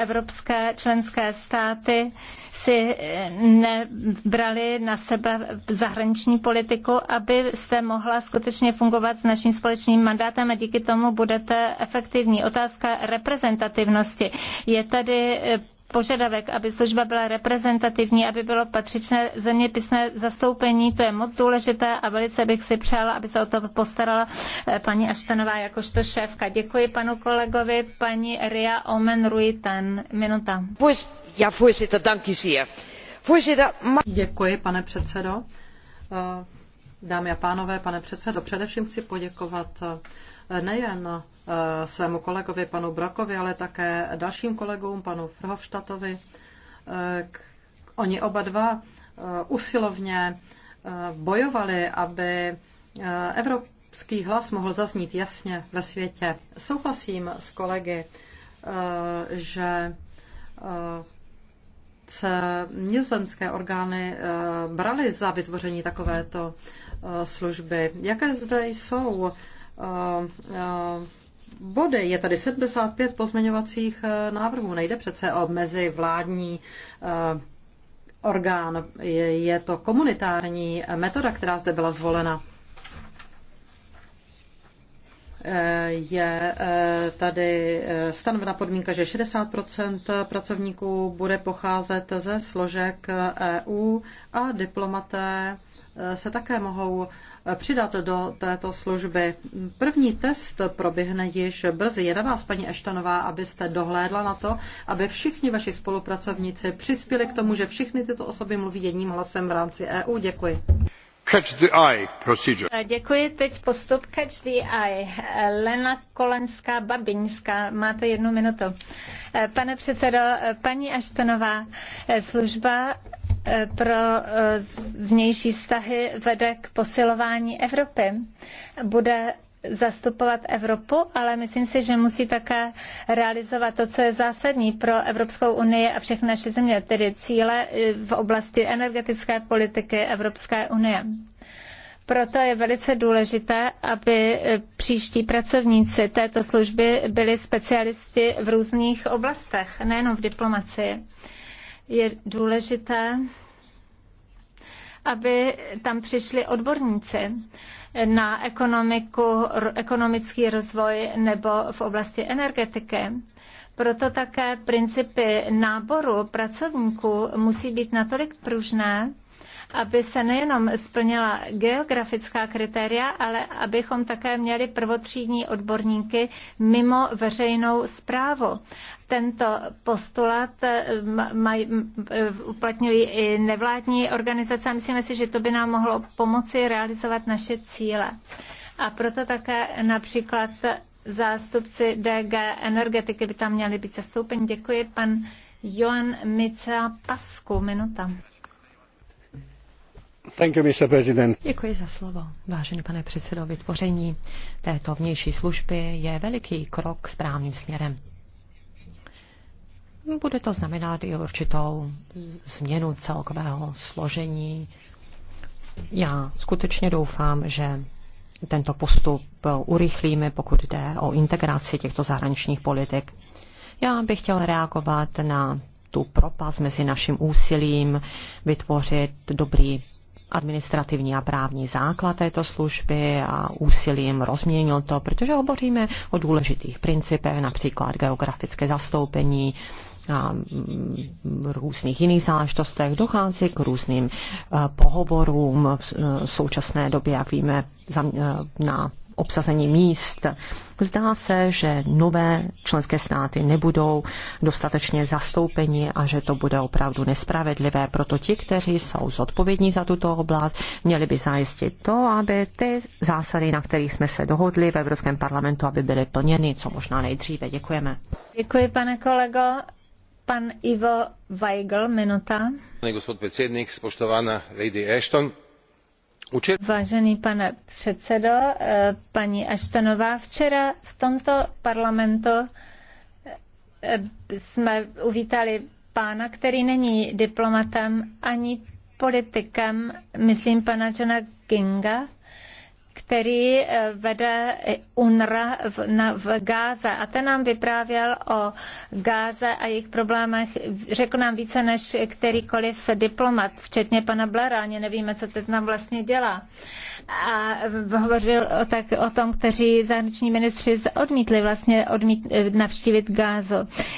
evropské členské státy si eh, nebrali na sebe zahraniční politiku, aby jste mohla skutečně fungovat s naším společným mandátem a díky tomu budete efektivní. Otázka reprezentativnosti. Je tady eh, požadavek, aby služba byla reprezentativní, aby bylo patřičné zeměpisné zastoupení, to je moc důležité a velice bych si přála, aby se o to postarala eh, paní Aštanová jakožto šéfka. Děkuji panu kolegovi, paní Ria Omen Ruiten. Minuta. Děkuji, pane předsedo. Eh, dámy a pánové, pane předsedo, především chci poděkovat eh, nejen eh, svému kolegovi panu Brokovi, ale také dalším kolegům, panu Frhovštatovi. Eh, oni oba dva eh, usilovně bojovali, aby evropský hlas mohl zaznít jasně ve světě. Souhlasím s kolegy, že se nizozemské orgány braly za vytvoření takovéto služby. Jaké zde jsou Eh, eh, body. Je tady 75 pozměňovacích eh, návrhů. Nejde přece o mezivládní orgán. Je to komunitární metoda, která zde byla zvolena. Je tady stanovena podmínka, že 60 pracovníků bude pocházet ze složek EU e a diplomaté se také mohou přidat do této služby. První test proběhne již brzy. Je na vás, paní Eštanová, abyste dohlédla na to, aby všichni vaši spolupracovníci přispěli k tomu, že všichni tyto osoby mluví jedním hlasem v rámci EU. Děkuji. Catch the eye procedure. Eh, děkuji. Teď postup Catch the eye. Eh, Lena Kolenská Babiňská, máte jednu minutu. Eh, pane předsedo, paní Aštenová, služba pro eh, vnější vztahy vede k posilování Evropy. Bude zastupovat Evropu, ale myslím si, že musí také realizovat to, co je zásadní pro Evropskou unii a všechny naše země, tedy cíle eh, v oblasti energetické politiky Evropské unie. Proto je velice důležité, aby eh, příští pracovníci této služby byli specialisti v různých oblastech, nejenom v diplomacii je důležité, aby tam přišli odborníci na ekonomiku, ekonomický rozvoj nebo v oblasti energetiky. Proto také principy náboru pracovníků musí být natolik pružné, aby se nejenom splnila geografická kritéria, ale abychom také měli prvotřídní odborníky mimo veřejnou zprávu tento postulat eh, maj, eh, uplatňují i nevládní organizace a myslíme si, že to by nám mohlo pomoci realizovat naše cíle. A proto také například zástupci DG Energetiky by tam měli být zastoupeni. Děkuji pan Joan Mica Pasku. Minuta. Děkuji za slovo. Vážený pane předsedo, vytvoření této vnější služby je veliký krok správným směrem. Bude to znamenat i určitou změnu celkového složení. Já skutečně doufám, že tento postup urychlíme, pokud jde o integraci těchto zahraničních politik. Já bych chtěl reagovat na tu propast mezi naším úsilím vytvořit dobrý administrativní a právní základ této služby a úsilím rozměnil to, protože hovoříme o důležitých principech, například geografické zastoupení, a mm, různých jiných záležitostech dochází k různým eh, pohovorům v současné době, jak víme, eh, na obsazení míst. Zdá se, že nové členské státy nebudou dostatečně zastoupeni a že to bude opravdu nespravedlivé. Proto ti, kteří jsou zodpovědní za tuto oblast, měli by zajistit to, aby ty zásady, na kterých jsme se dohodli v Evropském parlamentu, aby byly plněny co možná nejdříve. Děkujeme. Děkuji, pane kolego. Pan Ivo Weigl, minuta. Pane gospod predsednik, spoštovana Lady Ashton, Vážený pane předsedo, eh, paní Aštanová, včera v tomto parlamentu eh, jsme uvítali pána, který není diplomatem ani politikem, myslím pana Johna Kinga, který eh, vede UNRA v, na, v Gáze. A ten nám vyprávěl o Gáze a jejich problémech, řekl nám více než kterýkoliv diplomat, včetně pana Blera, ani nevíme, co teď nám vlastně dělá a hovořil o, tak, o tom, kteří zahraniční ministři odmítli vlastně odmít, eh, navštívit Gázu.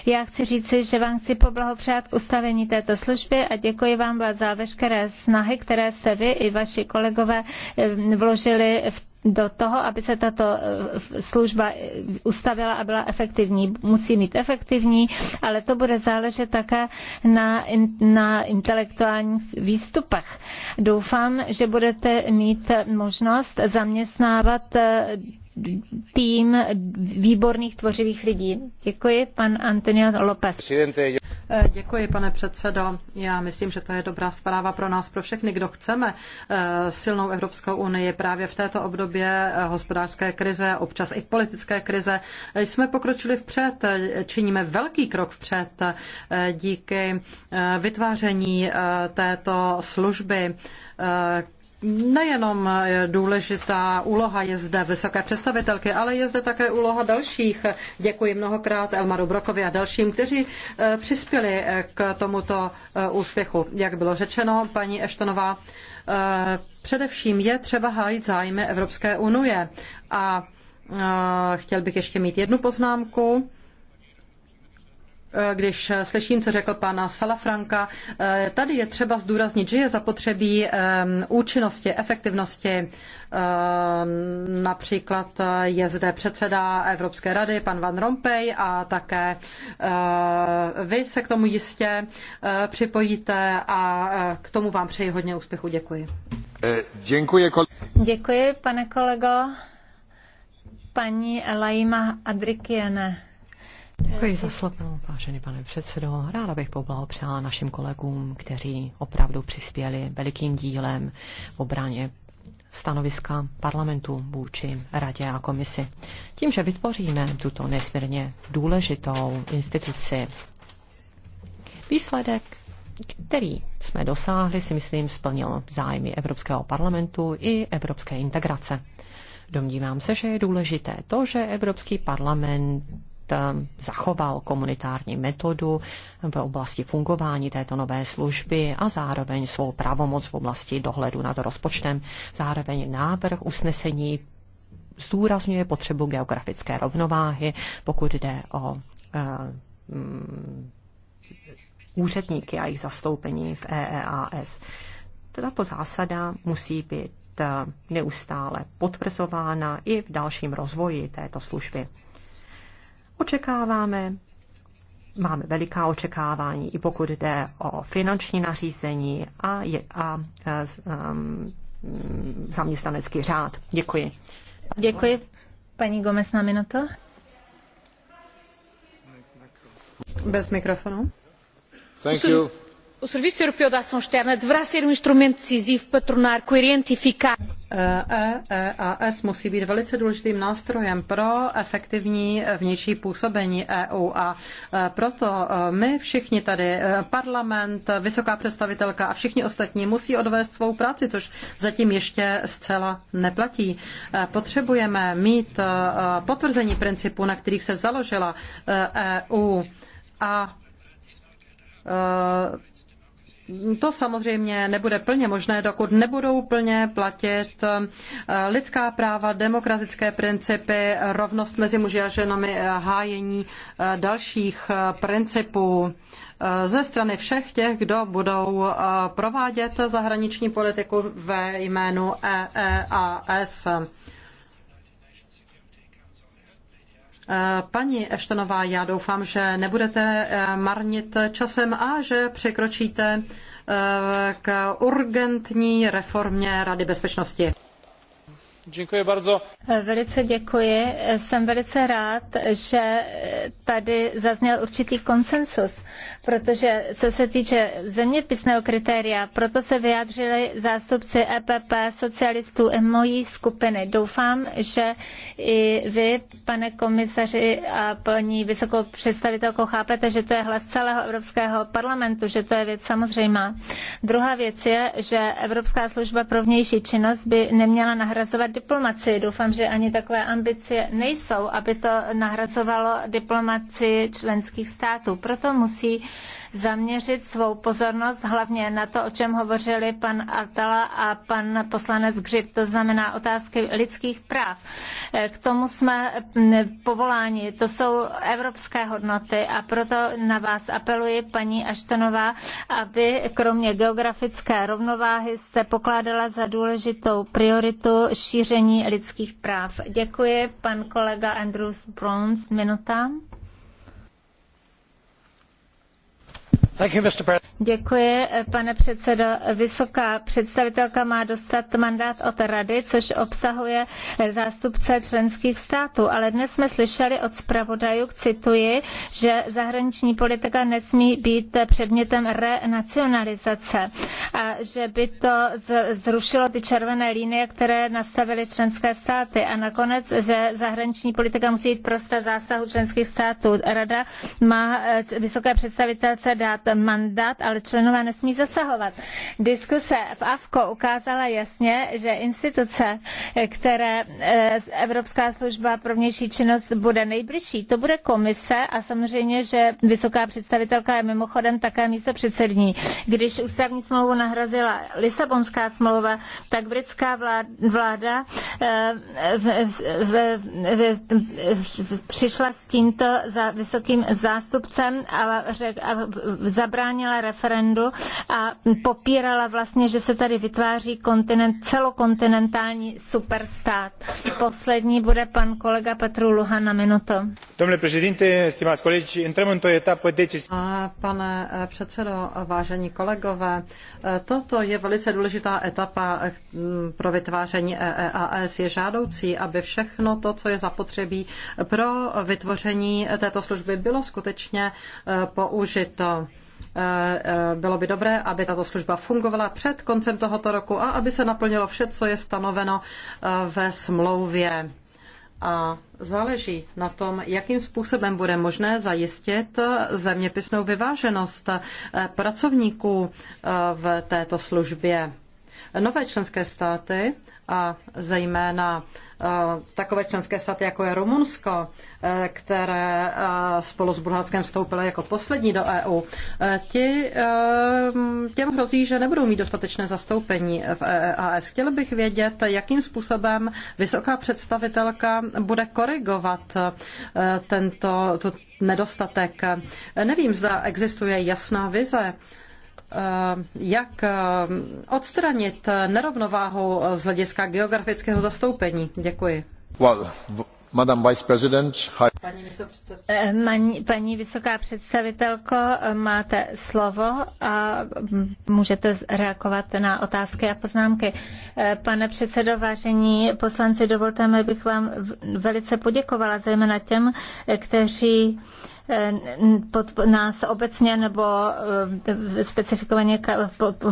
Já chci říci, že vám chci poblahopřát k ustavení této služby a děkuji vám za veškeré snahy, které jste vy i vaši kolegové eh, vložili v do toho, aby se tato eh, služba eh, ustavila a byla efektivní. Musí mít efektivní, ale to bude záležet také na, na intelektuálních výstupech. Doufám, že budete mít možnost zaměstnávat eh, tým výborných tvořivých lidí. Děkuji, pan Antonio López. Eh, děkuji, pane předsedo. Já myslím, že to je dobrá zpráva pro nás, pro všechny, kdo chceme eh, silnou Evropskou unii. Právě v této obdobě eh, hospodářské krize, občas i politické krize, jsme pokročili vpřed, činíme velký krok vpřed díky vytváření této služby, nejenom důležitá úloha je zde vysoké představitelky, ale je zde také úloha dalších. Děkuji mnohokrát Elmaru Brokovi a dalším, kteří eh, přispěli eh, k tomuto eh, úspěchu. Jak bylo řečeno, paní Eštonová, především je třeba hájit zájmy Evropské unie. A chtěl bych ještě mít jednu poznámku Eh, když slyším, co řekl pan Salafranka, eh, tady je třeba zdůraznit, že je zapotřebí eh, účinnosti, efektivnosti. Například je zde předseda Evropské rady, pan Van Rompuy, a také vy se k tomu jistě připojíte a k tomu vám přeji hodně úspěchu. Děkuji. Děkuji, kole... Děkuji pane kolego. Paní Elaima Adrikiene. Děkuji za slovo, vážený pane předsedo. Ráda bych poblahopřála našim kolegům, kteří opravdu přispěli velikým dílem v obraně stanoviska parlamentu vůči radě a komisi. Tím, že vytvoříme tuto nesmírně důležitou instituci, výsledek který jsme dosáhli, si myslím, splnil zájmy Evropského parlamentu i evropské integrace. Domnívám se, že je důležité to, že Evropský parlament Eh, zachoval komunitární metodu v oblasti fungování této nové služby a zároveň svou pravomoc v oblasti dohledu nad rozpočtem. Zároveň návrh usnesení zdůrazňuje potřebu geografické rovnováhy, pokud jde o eh, mm, úředníky a jejich zastoupení v EEAS. Tato zásada musí být eh, neustále potvrzována i v dalším rozvoji této služby. Očekáváme, máme veliká očekávání, i pokud jde o finanční nařízení a, je, a, a um, zaměstnanecký řád. Děkuji. Děkuji. Paní Gomez na minuto. Bez mikrofonu. Thank you o serviço europeu de ação externa deverá ser um instrumento decisivo para tornar coerente e eficaz EEAS eh, e musí být velice důležitým nástrojem pro efektivní eh, vnější působení EU a eh, proto my všichni tady, parlament, vysoká představitelka a všichni ostatní musí odvést svou práci, což zatím ještě zcela neplatí. Potřebujeme mít potvrzení principů, na kterých se založila EU e a to samozřejmě nebude plně možné, dokud nebudou plně platit eh, lidská práva, demokratické principy, rovnost mezi muži a ženami, eh, hájení eh, dalších principů ze strany všech těch, kdo budou provádět zahraniční politiku ve jménu EEAS. Eh, paní Eštonová, já doufám, že nebudete eh, marnit časem a že překročíte eh, k urgentní reformě Rady bezpečnosti. Děkuji bardzo. Velice děkuji. Jsem velice rád, že tady zazněl určitý konsensus, protože co se týče zeměpisného kritéria, proto se vyjádřili zástupci EPP, socialistů i mojí skupiny. Doufám, že i vy, pane komisaři a paní vysokou představitelko, chápete, že to je hlas celého Evropského parlamentu, že to je věc samozřejmá. Druhá věc je, že Evropská služba pro vnější činnost by neměla nahrazovat diplomacii. Doufám, že ani takové ambice nejsou, aby to nahrazovalo diplomacii členských států. Proto musí zaměřit svou pozornost hlavně na to, o čem hovořili pan Atala a pan poslanec Gřib, to znamená otázky lidských práv. K tomu jsme povoláni. To jsou evropské hodnoty a proto na vás apeluji, paní Aštonová, aby kromě geografické rovnováhy jste pokládala za důležitou prioritu šíření šíření lidských práv. Děkuji, pan kolega Andrews Browns, minuta. Děkuji, pane předsedo. Vysoká představitelka má dostat mandát od Rady, což obsahuje zástupce členských států. Ale dnes jsme slyšeli od zpravodajů, cituji, že zahraniční politika nesmí být předmětem renacionalizace a že by to zrušilo ty červené linie, které nastavily členské státy. A nakonec, že zahraniční politika musí být prostě zásahu členských států. Rada má eh, vysoké představitelce dát mandát, ale členové nesmí zasahovat. Diskuse v AFKO ukázala jasně, že instituce, které eh, Evropská služba pro vnější činnost bude nejbližší, to bude komise a samozřejmě, že vysoká představitelka je mimochodem také místo předsední. Když ústavní smlouvu nahrazila Lisabonská smlouva, tak britská vláda eh, přišla s tímto za vysokým zástupcem a, řek, a zabránila referendu a popírala vlastně, že se tady vytváří kontinent, celokontinentální superstát. Poslední bude pan kolega Petru Luhan na minuto. Domnule președinte, stimați colegi, intrăm într-o etapă decisională. Pane e, předsedo, vážení kolegové, e, toto je velice důležitá etapa e, pro vytváření EEAS. Je žádoucí, aby všechno to, co je zapotřebí pro vytvoření této služby, bylo skutečně použito. Eh, eh, bylo by dobré, aby tato služba fungovala před koncem tohoto roku a aby se naplnilo vše, co je stanoveno eh, ve smlouvě. A záleží na tom, jakým způsobem bude možné zajistit zeměpisnou vyváženost pracovníků v této službě. Nové členské státy a zejména e, takové členské státy, jako je Rumunsko, e, které e, spolu s Bulharskem vstoupily jako poslední do EU, ti, těm hrozí, že nebudou mít dostatečné zastoupení v EAS. Chtěl bych vědět, jakým způsobem vysoká představitelka bude korigovat tento to, nedostatek. Nevím, zda existuje jasná vize Eh, jak eh, odstranit nerovnováhu eh, z hlediska geografického zastoupení. Děkuji. Well, Madam Vice President, hi. Paní, paní vysoká představitelko, máte slovo a mm, můžete reagovat na otázky a poznámky. Pane předsedo, vážení poslanci, dovolte mi, bych vám velice poděkovala, zejména těm, kteří nás obecně nebo eh, specifikovaně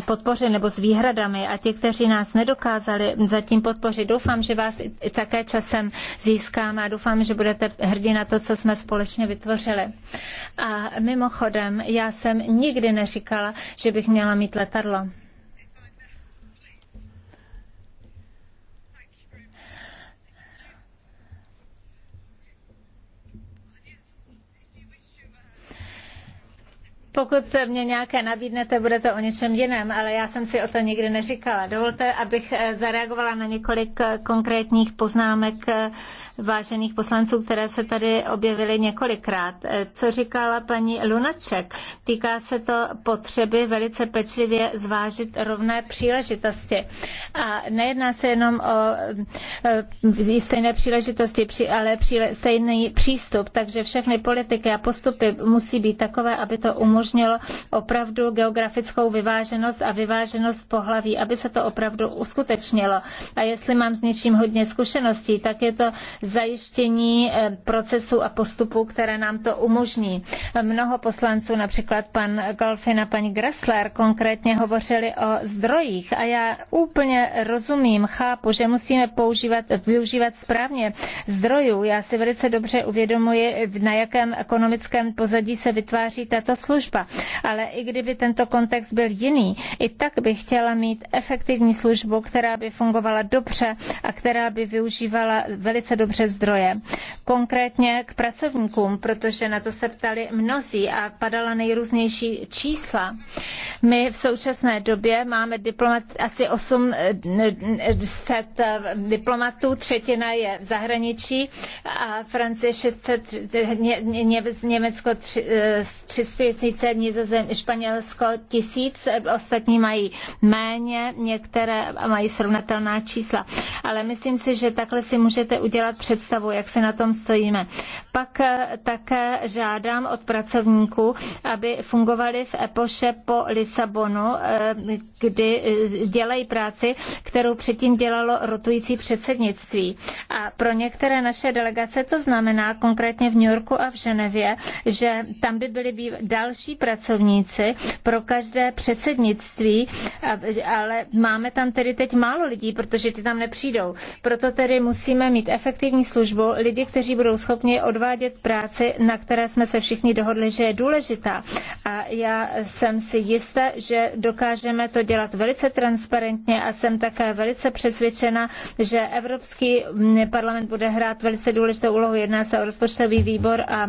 podpořit nebo s výhradami a ti, kteří nás nedokázali zatím podpořit, doufám, že vás i také časem získáme a doufám, že budete hrdí na to, co jsme společně vytvořili. A mimochodem, já jsem nikdy neříkala, že bych měla mít letadlo. Pokud mě nějaké nabídnete, bude to o něčem jiném, ale já jsem si o to nikdy neříkala. Dovolte, abych eh, zareagovala na několik eh, konkrétních poznámek eh, vážených poslanců, které se tady objevily několikrát. Co říkala paní Lunaček? Týká se to potřeby velice pečlivě zvážit rovné příležitosti. A nejedná se jenom o stejné příležitosti, ale stejný přístup. Takže všechny politiky a postupy musí být takové, aby to umožnilo umožnil opravdu geografickou vyváženost a vyváženost pohlaví, aby se to opravdu uskutečnilo. A jestli mám s něčím hodně zkušeností, tak je to zajištění eh, procesů a postupů, které nám to umožní. Mnoho poslanců, například pan Golfin a paní Gressler, konkrétně hovořili o zdrojích a já úplně rozumím, chápu, že musíme používat, využívat správně zdrojů. Já si velice dobře uvědomuji, na jakém ekonomickém pozadí se vytváří tato služba služba. Ale i kdyby tento kontext byl jiný, i tak bych chtěla mít efektivní službu, která by fungovala dobře a která by využívala velice dobře zdroje. Konkrétně k pracovníkům, protože na to se ptali mnozí a padala nejrůznější čísla. My v současné době máme diplomat, asi 800 eh, eh, diplomatů, třetina je v zahraničí a Francie 600, eh, Německo 300 tisíc tisíce, Nizozem, Španělsko tisíc, ostatní mají méně, některé mají srovnatelná čísla. Ale myslím si, že takhle si můžete udělat představu, jak se na tom stojíme. Pak eh, také žádám od pracovníků, aby fungovali v epoše po Lisabonu, eh, kdy eh, dělají práci, kterou předtím dělalo rotující předsednictví. A pro některé naše delegace to znamená konkrétně v New Yorku a v Ženevě, že tam by byly další další pracovníci pro každé předsednictví, ale máme tam tedy teď málo lidí, protože ty tam nepřijdou. Proto tedy musíme mít efektivní službu, lidi, kteří budou schopni odvádět práci, na které jsme se všichni dohodli, že je důležitá. A já jsem si jistá, že dokážeme to dělat velice transparentně a jsem také velice přesvědčena, že Evropský parlament bude hrát velice důležitou úlohu. Jedná se o rozpočtový výbor a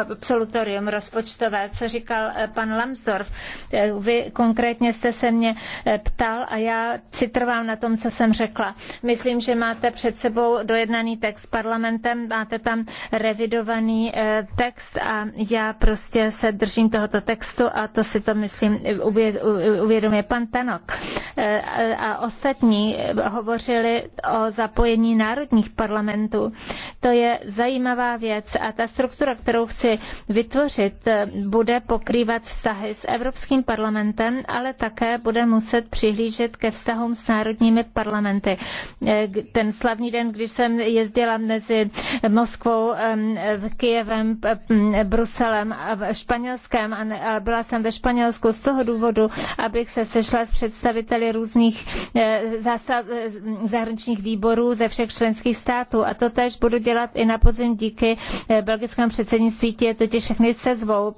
absolutorium rozpočtové. Co říká říkal eh, pan Lambsdorff. Eh, vy konkrétně jste se mě eh, ptal a já si trvám na tom, co jsem řekla. Myslím, že máte před sebou dojednaný text s parlamentem, máte tam revidovaný text a já prostě se držím tohoto textu a to si to, myslím, uvědomuje pan Tanok. A ostatní hovořili o zapojení národních parlamentů. To je zajímavá věc a ta struktura, kterou chci vytvořit, bude pokračovat pokrývat vztahy s Evropským parlamentem, ale také bude muset přihlížet ke vztahům s národními parlamenty. Eh, ten slavný den, když jsem jezdila mezi Moskvou, Kyjevem, Bruselem a Španělskem, ale byla jsem ve Španělsku z toho důvodu, abych se sešla s představiteli různých eh, zásav, eh, zahraničních výborů ze všech členských států. A to tež budu dělat i na podzim díky belgickému předsednictví, je totiž všechny se zvou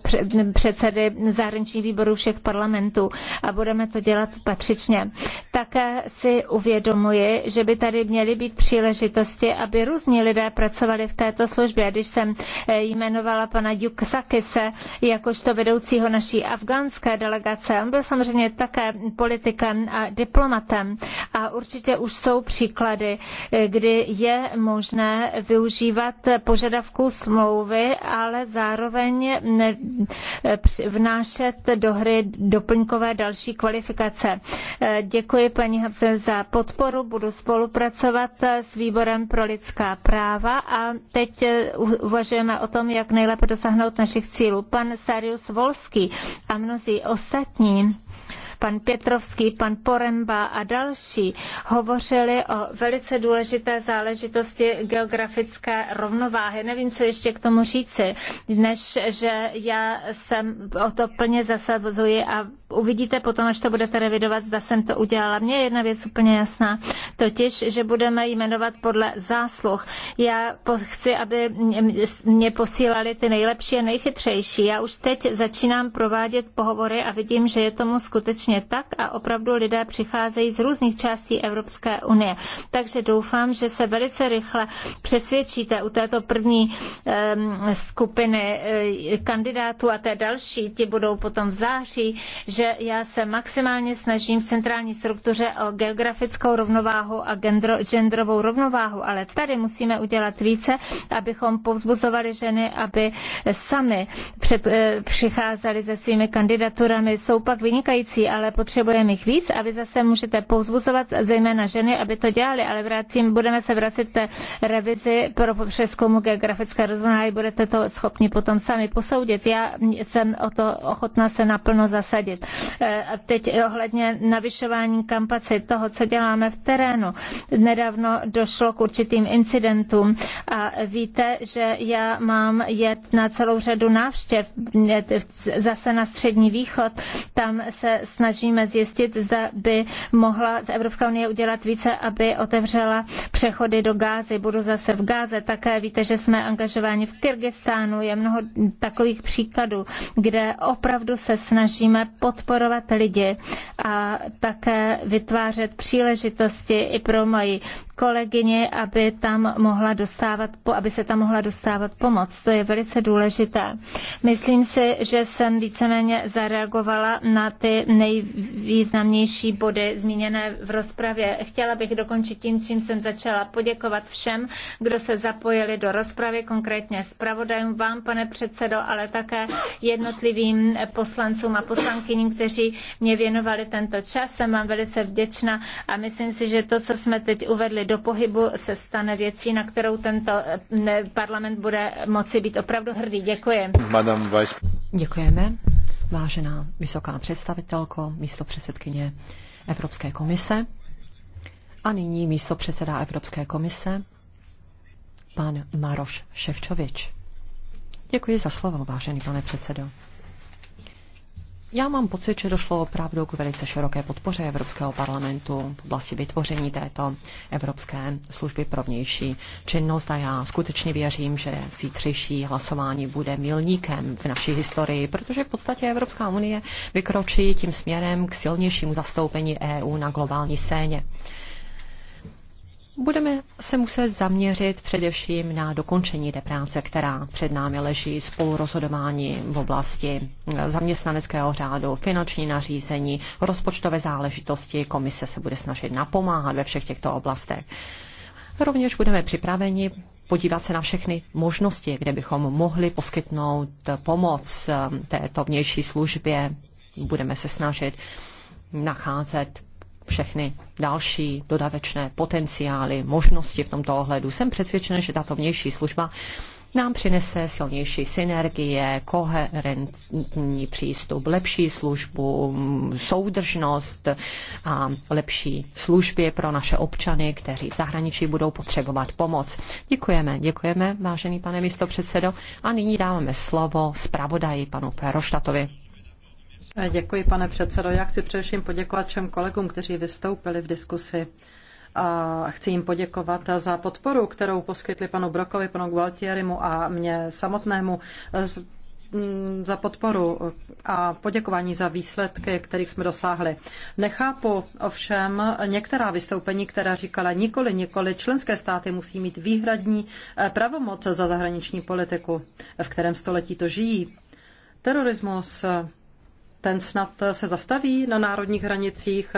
před předsedy zahraničních výborů všech parlamentů a budeme to dělat patřičně. Také si uvědomuji, že by tady měly být příležitosti, aby různí lidé pracovali v této službě. Když jsem eh, jmenovala pana Yuksakise jakožto vedoucího naší afgánské delegace, on byl samozřejmě také politikem a diplomatem a určitě už jsou příklady, eh, kdy je možné využívat požadavků smlouvy, ale zároveň eh, vnášet do hry doplňkové další kvalifikace. Eh, děkuji paní Hafner za podporu, budu spolupracovat eh, s výborem pro lidská práva a teď eh, uvažujeme o tom, jak nejlépe dosáhnout našich cílů. Pan Sarius Volský a mnozí ostatní pan Pětrovský, pan Poremba a další hovořili o velice důležité záležitosti geografické rovnováhy. Nevím, co ještě k tomu říci, než že já jsem o to plně zasazuji a uvidíte potom, až to budete revidovat, zda jsem to udělala. Mně je jedna věc úplně jasná, totiž, že budeme jmenovat podle zásluh. Já chci, aby mě posílali ty nejlepší a nejchytřejší. Já už teď začínám provádět pohovory a vidím, že je tomu skutečně skutečně tak a opravdu lidé přicházejí z různých částí Evropské unie. Takže doufám, že se velice rychle přesvědčíte u této první skupiny eh, kandidátů a té další, ti budou potom v září, že já se maximálně snažím v centrální struktuře o geografickou rovnováhu a genderovou rovnováhu, ale tady musíme udělat více, abychom povzbuzovali ženy, aby sami před, eh, přicházeli se svými kandidaturami. Jsou pak vynikající, ale ale potřebujeme jich víc a vy zase můžete pouzbuzovat zejména ženy, aby to dělali, ale vracím, budeme se vracet té revizi pro přeskumu geografické rozvolnání, budete to schopni potom sami posoudit. Já jsem o to ochotná se naplno zasadit. E, a teď ohledně navyšování kampacit toho, co děláme v terénu. Nedávno došlo k určitým incidentům a víte, že já mám jet na celou řadu návštěv e, zase na střední východ. Tam se snad snažíme zjistit, zda by mohla Evropská unie udělat více, aby otevřela přechody do Gázy. Budu zase v Gáze. Také víte, že jsme angažováni v Kyrgyzstánu. Je mnoho takových příkladů, kde opravdu se snažíme podporovat lidi a také vytvářet příležitosti i pro moji kolegyně, aby tam mohla dostávat, aby se tam mohla dostávat pomoc. To je velice důležité. Myslím si, že jsem víceméně zareagovala na ty nej nejvýznamnější body zmíněné v rozpravě. Chtěla bych dokončit tím, čím jsem začala poděkovat všem, kdo se zapojili do rozpravy, konkrétně zpravodajům, vám, pane předsedo, ale také jednotlivým poslancům a poslankyním, kteří mě věnovali tento čas. Jsem vám velice vděčná a myslím si, že to, co jsme teď uvedli do pohybu, se stane věcí, na kterou tento parlament bude moci být opravdu hrdý. Děkuji. Madame Vice... Děkujeme vážená vysoká představitelko, místo předsedkyně Evropské komise a nyní místo předseda Evropské komise, pan Maroš Ševčovič. Děkuji za slovo, vážený pane předsedo. Já mám pocit, že došlo opravdu k velice široké podpoře Evropského parlamentu v oblasti vytvoření této Evropské služby pro vnější činnost a já skutečně věřím, že zítřejší hlasování bude milníkem v naší historii, protože v podstatě Evropská unie vykročí tím směrem k silnějšímu zastoupení EU na globální scéně budeme se muset zaměřit především na dokončení té práce, která před námi leží, spolurozhodování v oblasti zaměstnaneckého řádu, finanční nařízení, rozpočtové záležitosti. Komise se bude snažit napomáhat ve všech těchto oblastech. Rovněž budeme připraveni podívat se na všechny možnosti, kde bychom mohli poskytnout pomoc této vnější službě. Budeme se snažit nacházet všechny další dodatečné potenciály, možnosti v tomto ohledu. Jsem přesvědčen, že tato vnější služba nám přinese silnější synergie, koherentní přístup, lepší službu, soudržnost a lepší služby pro naše občany, kteří v zahraničí budou potřebovat pomoc. Děkujeme, děkujeme, vážený pane místopředsedo. A nyní dáváme slovo zpravodaji panu Peroštatovi. Eh, děkuji, pane předsedo. Já chci především poděkovat všem kolegům, kteří vystoupili v diskusi. A chci jim poděkovat za podporu, kterou poskytli panu Brokovi, panu Gualtierimu a mě samotnému eh, mm, za podporu a poděkování za výsledky, kterých jsme dosáhli. Nechápu ovšem některá vystoupení, která říkala nikoli, nikoli, členské státy musí mít výhradní eh, pravomoc za zahraniční politiku, v kterém století to žijí. Terorismus ten snad se zastaví na národních hranicích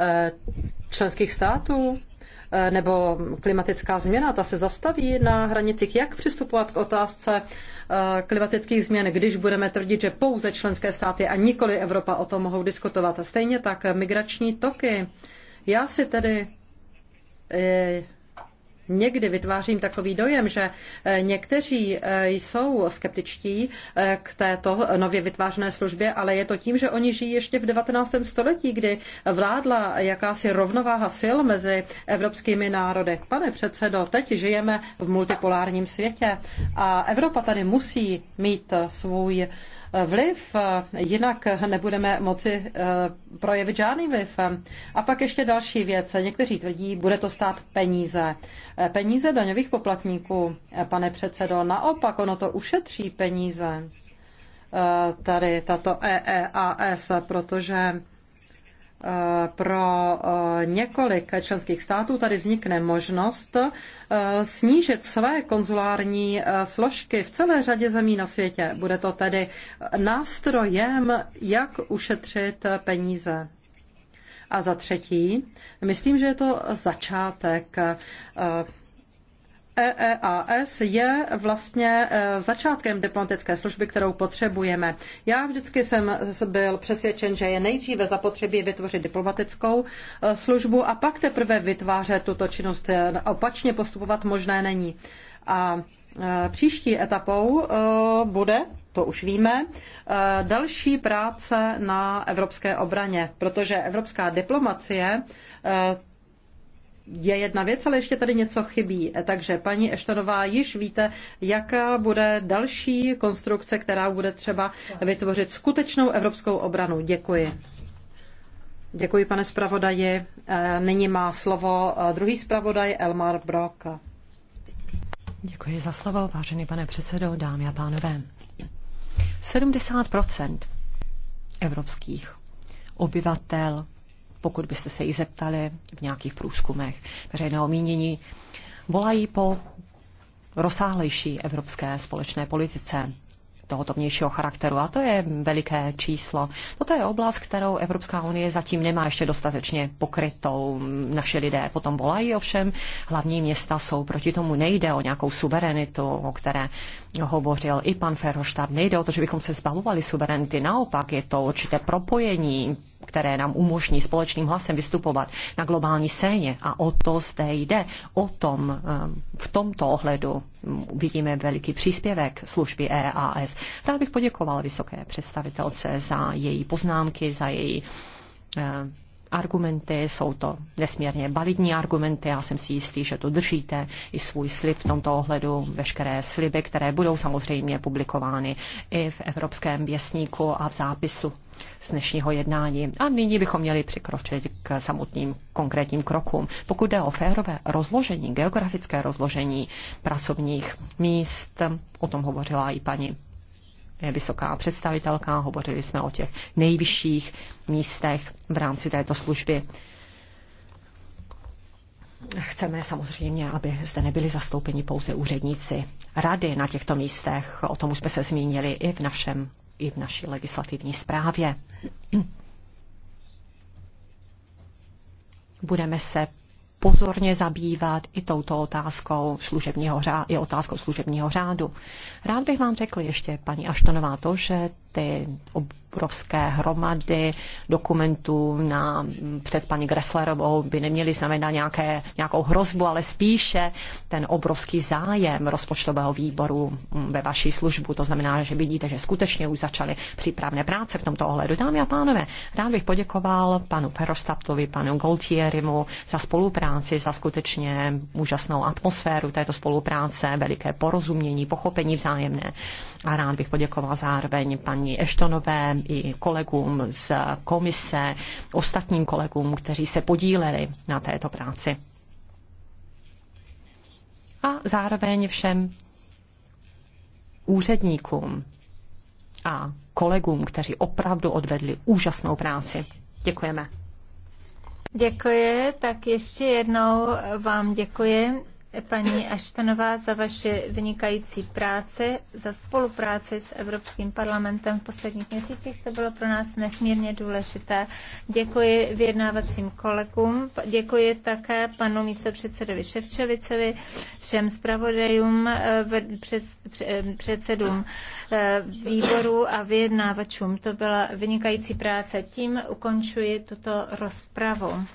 eh, členských států? Eh, nebo klimatická změna, ta se zastaví na hranicích. Jak přistupovat k otázce eh, klimatických změn, když budeme tvrdit, že pouze členské státy a nikoli Evropa o tom mohou diskutovat? Stejně tak migrační toky. Já si tedy Někdy vytvářím takový dojem, že eh, někteří eh, jsou skeptičtí eh, k této nově vytvářené službě, ale je to tím, že oni žijí ještě v 19. století, kdy vládla jakási rovnováha sil mezi evropskými národy. Pane předsedo, teď žijeme v multipolárním světě a Evropa tady musí mít svůj vliv, jinak nebudeme moci eh, projevit žádný vliv. A pak ještě další věc. Někteří tvrdí, bude to stát peníze. Eh, peníze daňových poplatníků, eh, pane předsedo, naopak ono to ušetří peníze tady tato EEAS, protože Eh, pro eh, několik členských států tady vznikne možnost eh, snížit své konzulární složky v celé řadě zemí na světě. Bude to tedy nástrojem, jak ušetřit peníze. A za třetí, myslím, že je to začátek EEAS je vlastně e, začátkem diplomatické služby, kterou potřebujeme. Já vždycky jsem byl přesvědčen, že je nejdříve zapotřebí vytvořit diplomatickou e, službu a pak teprve vytvářet tuto činnost. E, opačně postupovat možné není. A příští etapou bude to už víme. Další práce na evropské obraně, protože evropská diplomacie je jedna věc, ale ještě tady něco chybí. Takže paní Eštanová, již víte, jaká bude další konstrukce, která bude třeba vytvořit skutečnou evropskou obranu. Děkuji. Děkuji, pane zpravodaji. Eh, nyní má slovo eh, druhý zpravodaj Elmar Brok. Děkuji za slovo, vážený pane předsedo, dámy a pánové. 70 evropských obyvatel pokud byste se jí zeptali v nějakých průzkumech veřejného mínění, volají po rozsáhlejší evropské společné politice tohoto vnějšího charakteru. A to je veliké číslo. Toto je oblast, kterou Evropská unie zatím nemá ještě dostatečně pokrytou. Naše lidé potom volají, ovšem hlavní města jsou proti tomu. Nejde o nějakou suverenitu, o které hovořil i pan Ferhoštát. Nejde o to, že bychom se zbavovali suverenity. Naopak je to určité propojení které nám umožní společným hlasem vystupovat na globální scéně. A o to zde jde. O tom ehm, v tomto ohledu mm, vidíme veliký příspěvek služby EAS. Rád bych poděkoval vysoké představitelce za její poznámky, za její ehm, argumenty, jsou to nesmírně validní argumenty. Já jsem si jistý, že to držíte i svůj slib v tomto ohledu, veškeré sliby, které budou samozřejmě publikovány i v Evropském věstníku a v zápisu z dnešního jednání. A nyní bychom měli přikročit k samotným konkrétním krokům. Pokud jde o férové rozložení, geografické rozložení pracovních míst, o tom hovořila i paní vysoká představitelka, hovořili jsme o těch nejvyšších místech v rámci této služby. Chceme samozřejmě, aby zde nebyli zastoupeni pouze úředníci rady na těchto místech. O tom už jsme se zmínili i v, našem, i v naší legislativní zprávě. Budeme se pozorně zabývat i touto otázkou služebního řádu, i otázkou služebního řádu. Rád bych vám řekl ještě, paní Aštonová, to, že ty obrovské hromady dokumentů na, před paní Gresslerovou by neměly znamenat nějaké, nějakou hrozbu, ale spíše ten obrovský zájem rozpočtového výboru mm, ve vaší službu. To znamená, že vidíte, že skutečně už začaly přípravné práce v tomto ohledu. Dámy a pánové, rád bych poděkoval panu Perostaptovi, panu Goltierimu za spolupráci, za skutečně úžasnou atmosféru této spolupráce, veliké porozumění, pochopení vzájemné. A rád bych poděkoval zároveň paní paní Eštonové i kolegům z komise, ostatním kolegům, kteří se podíleli na této práci. A zároveň všem úředníkům a kolegům, kteří opravdu odvedli úžasnou práci. Děkujeme. Děkuji, tak ještě jednou vám děkuji paní Ashtonová za vaši vynikající práci, za spolupráci s Evropským parlamentem v posledních měsících. To bylo pro nás nesmírně důležité. Děkuji vyjednávacím kolegům, děkuji také panu místopředsedovi Ševčovicovi, všem zpravodajům, eh, eh, předsedům eh, výborů a vyjednávačům. To byla vynikající práce. Tím ukončuji tuto rozpravu.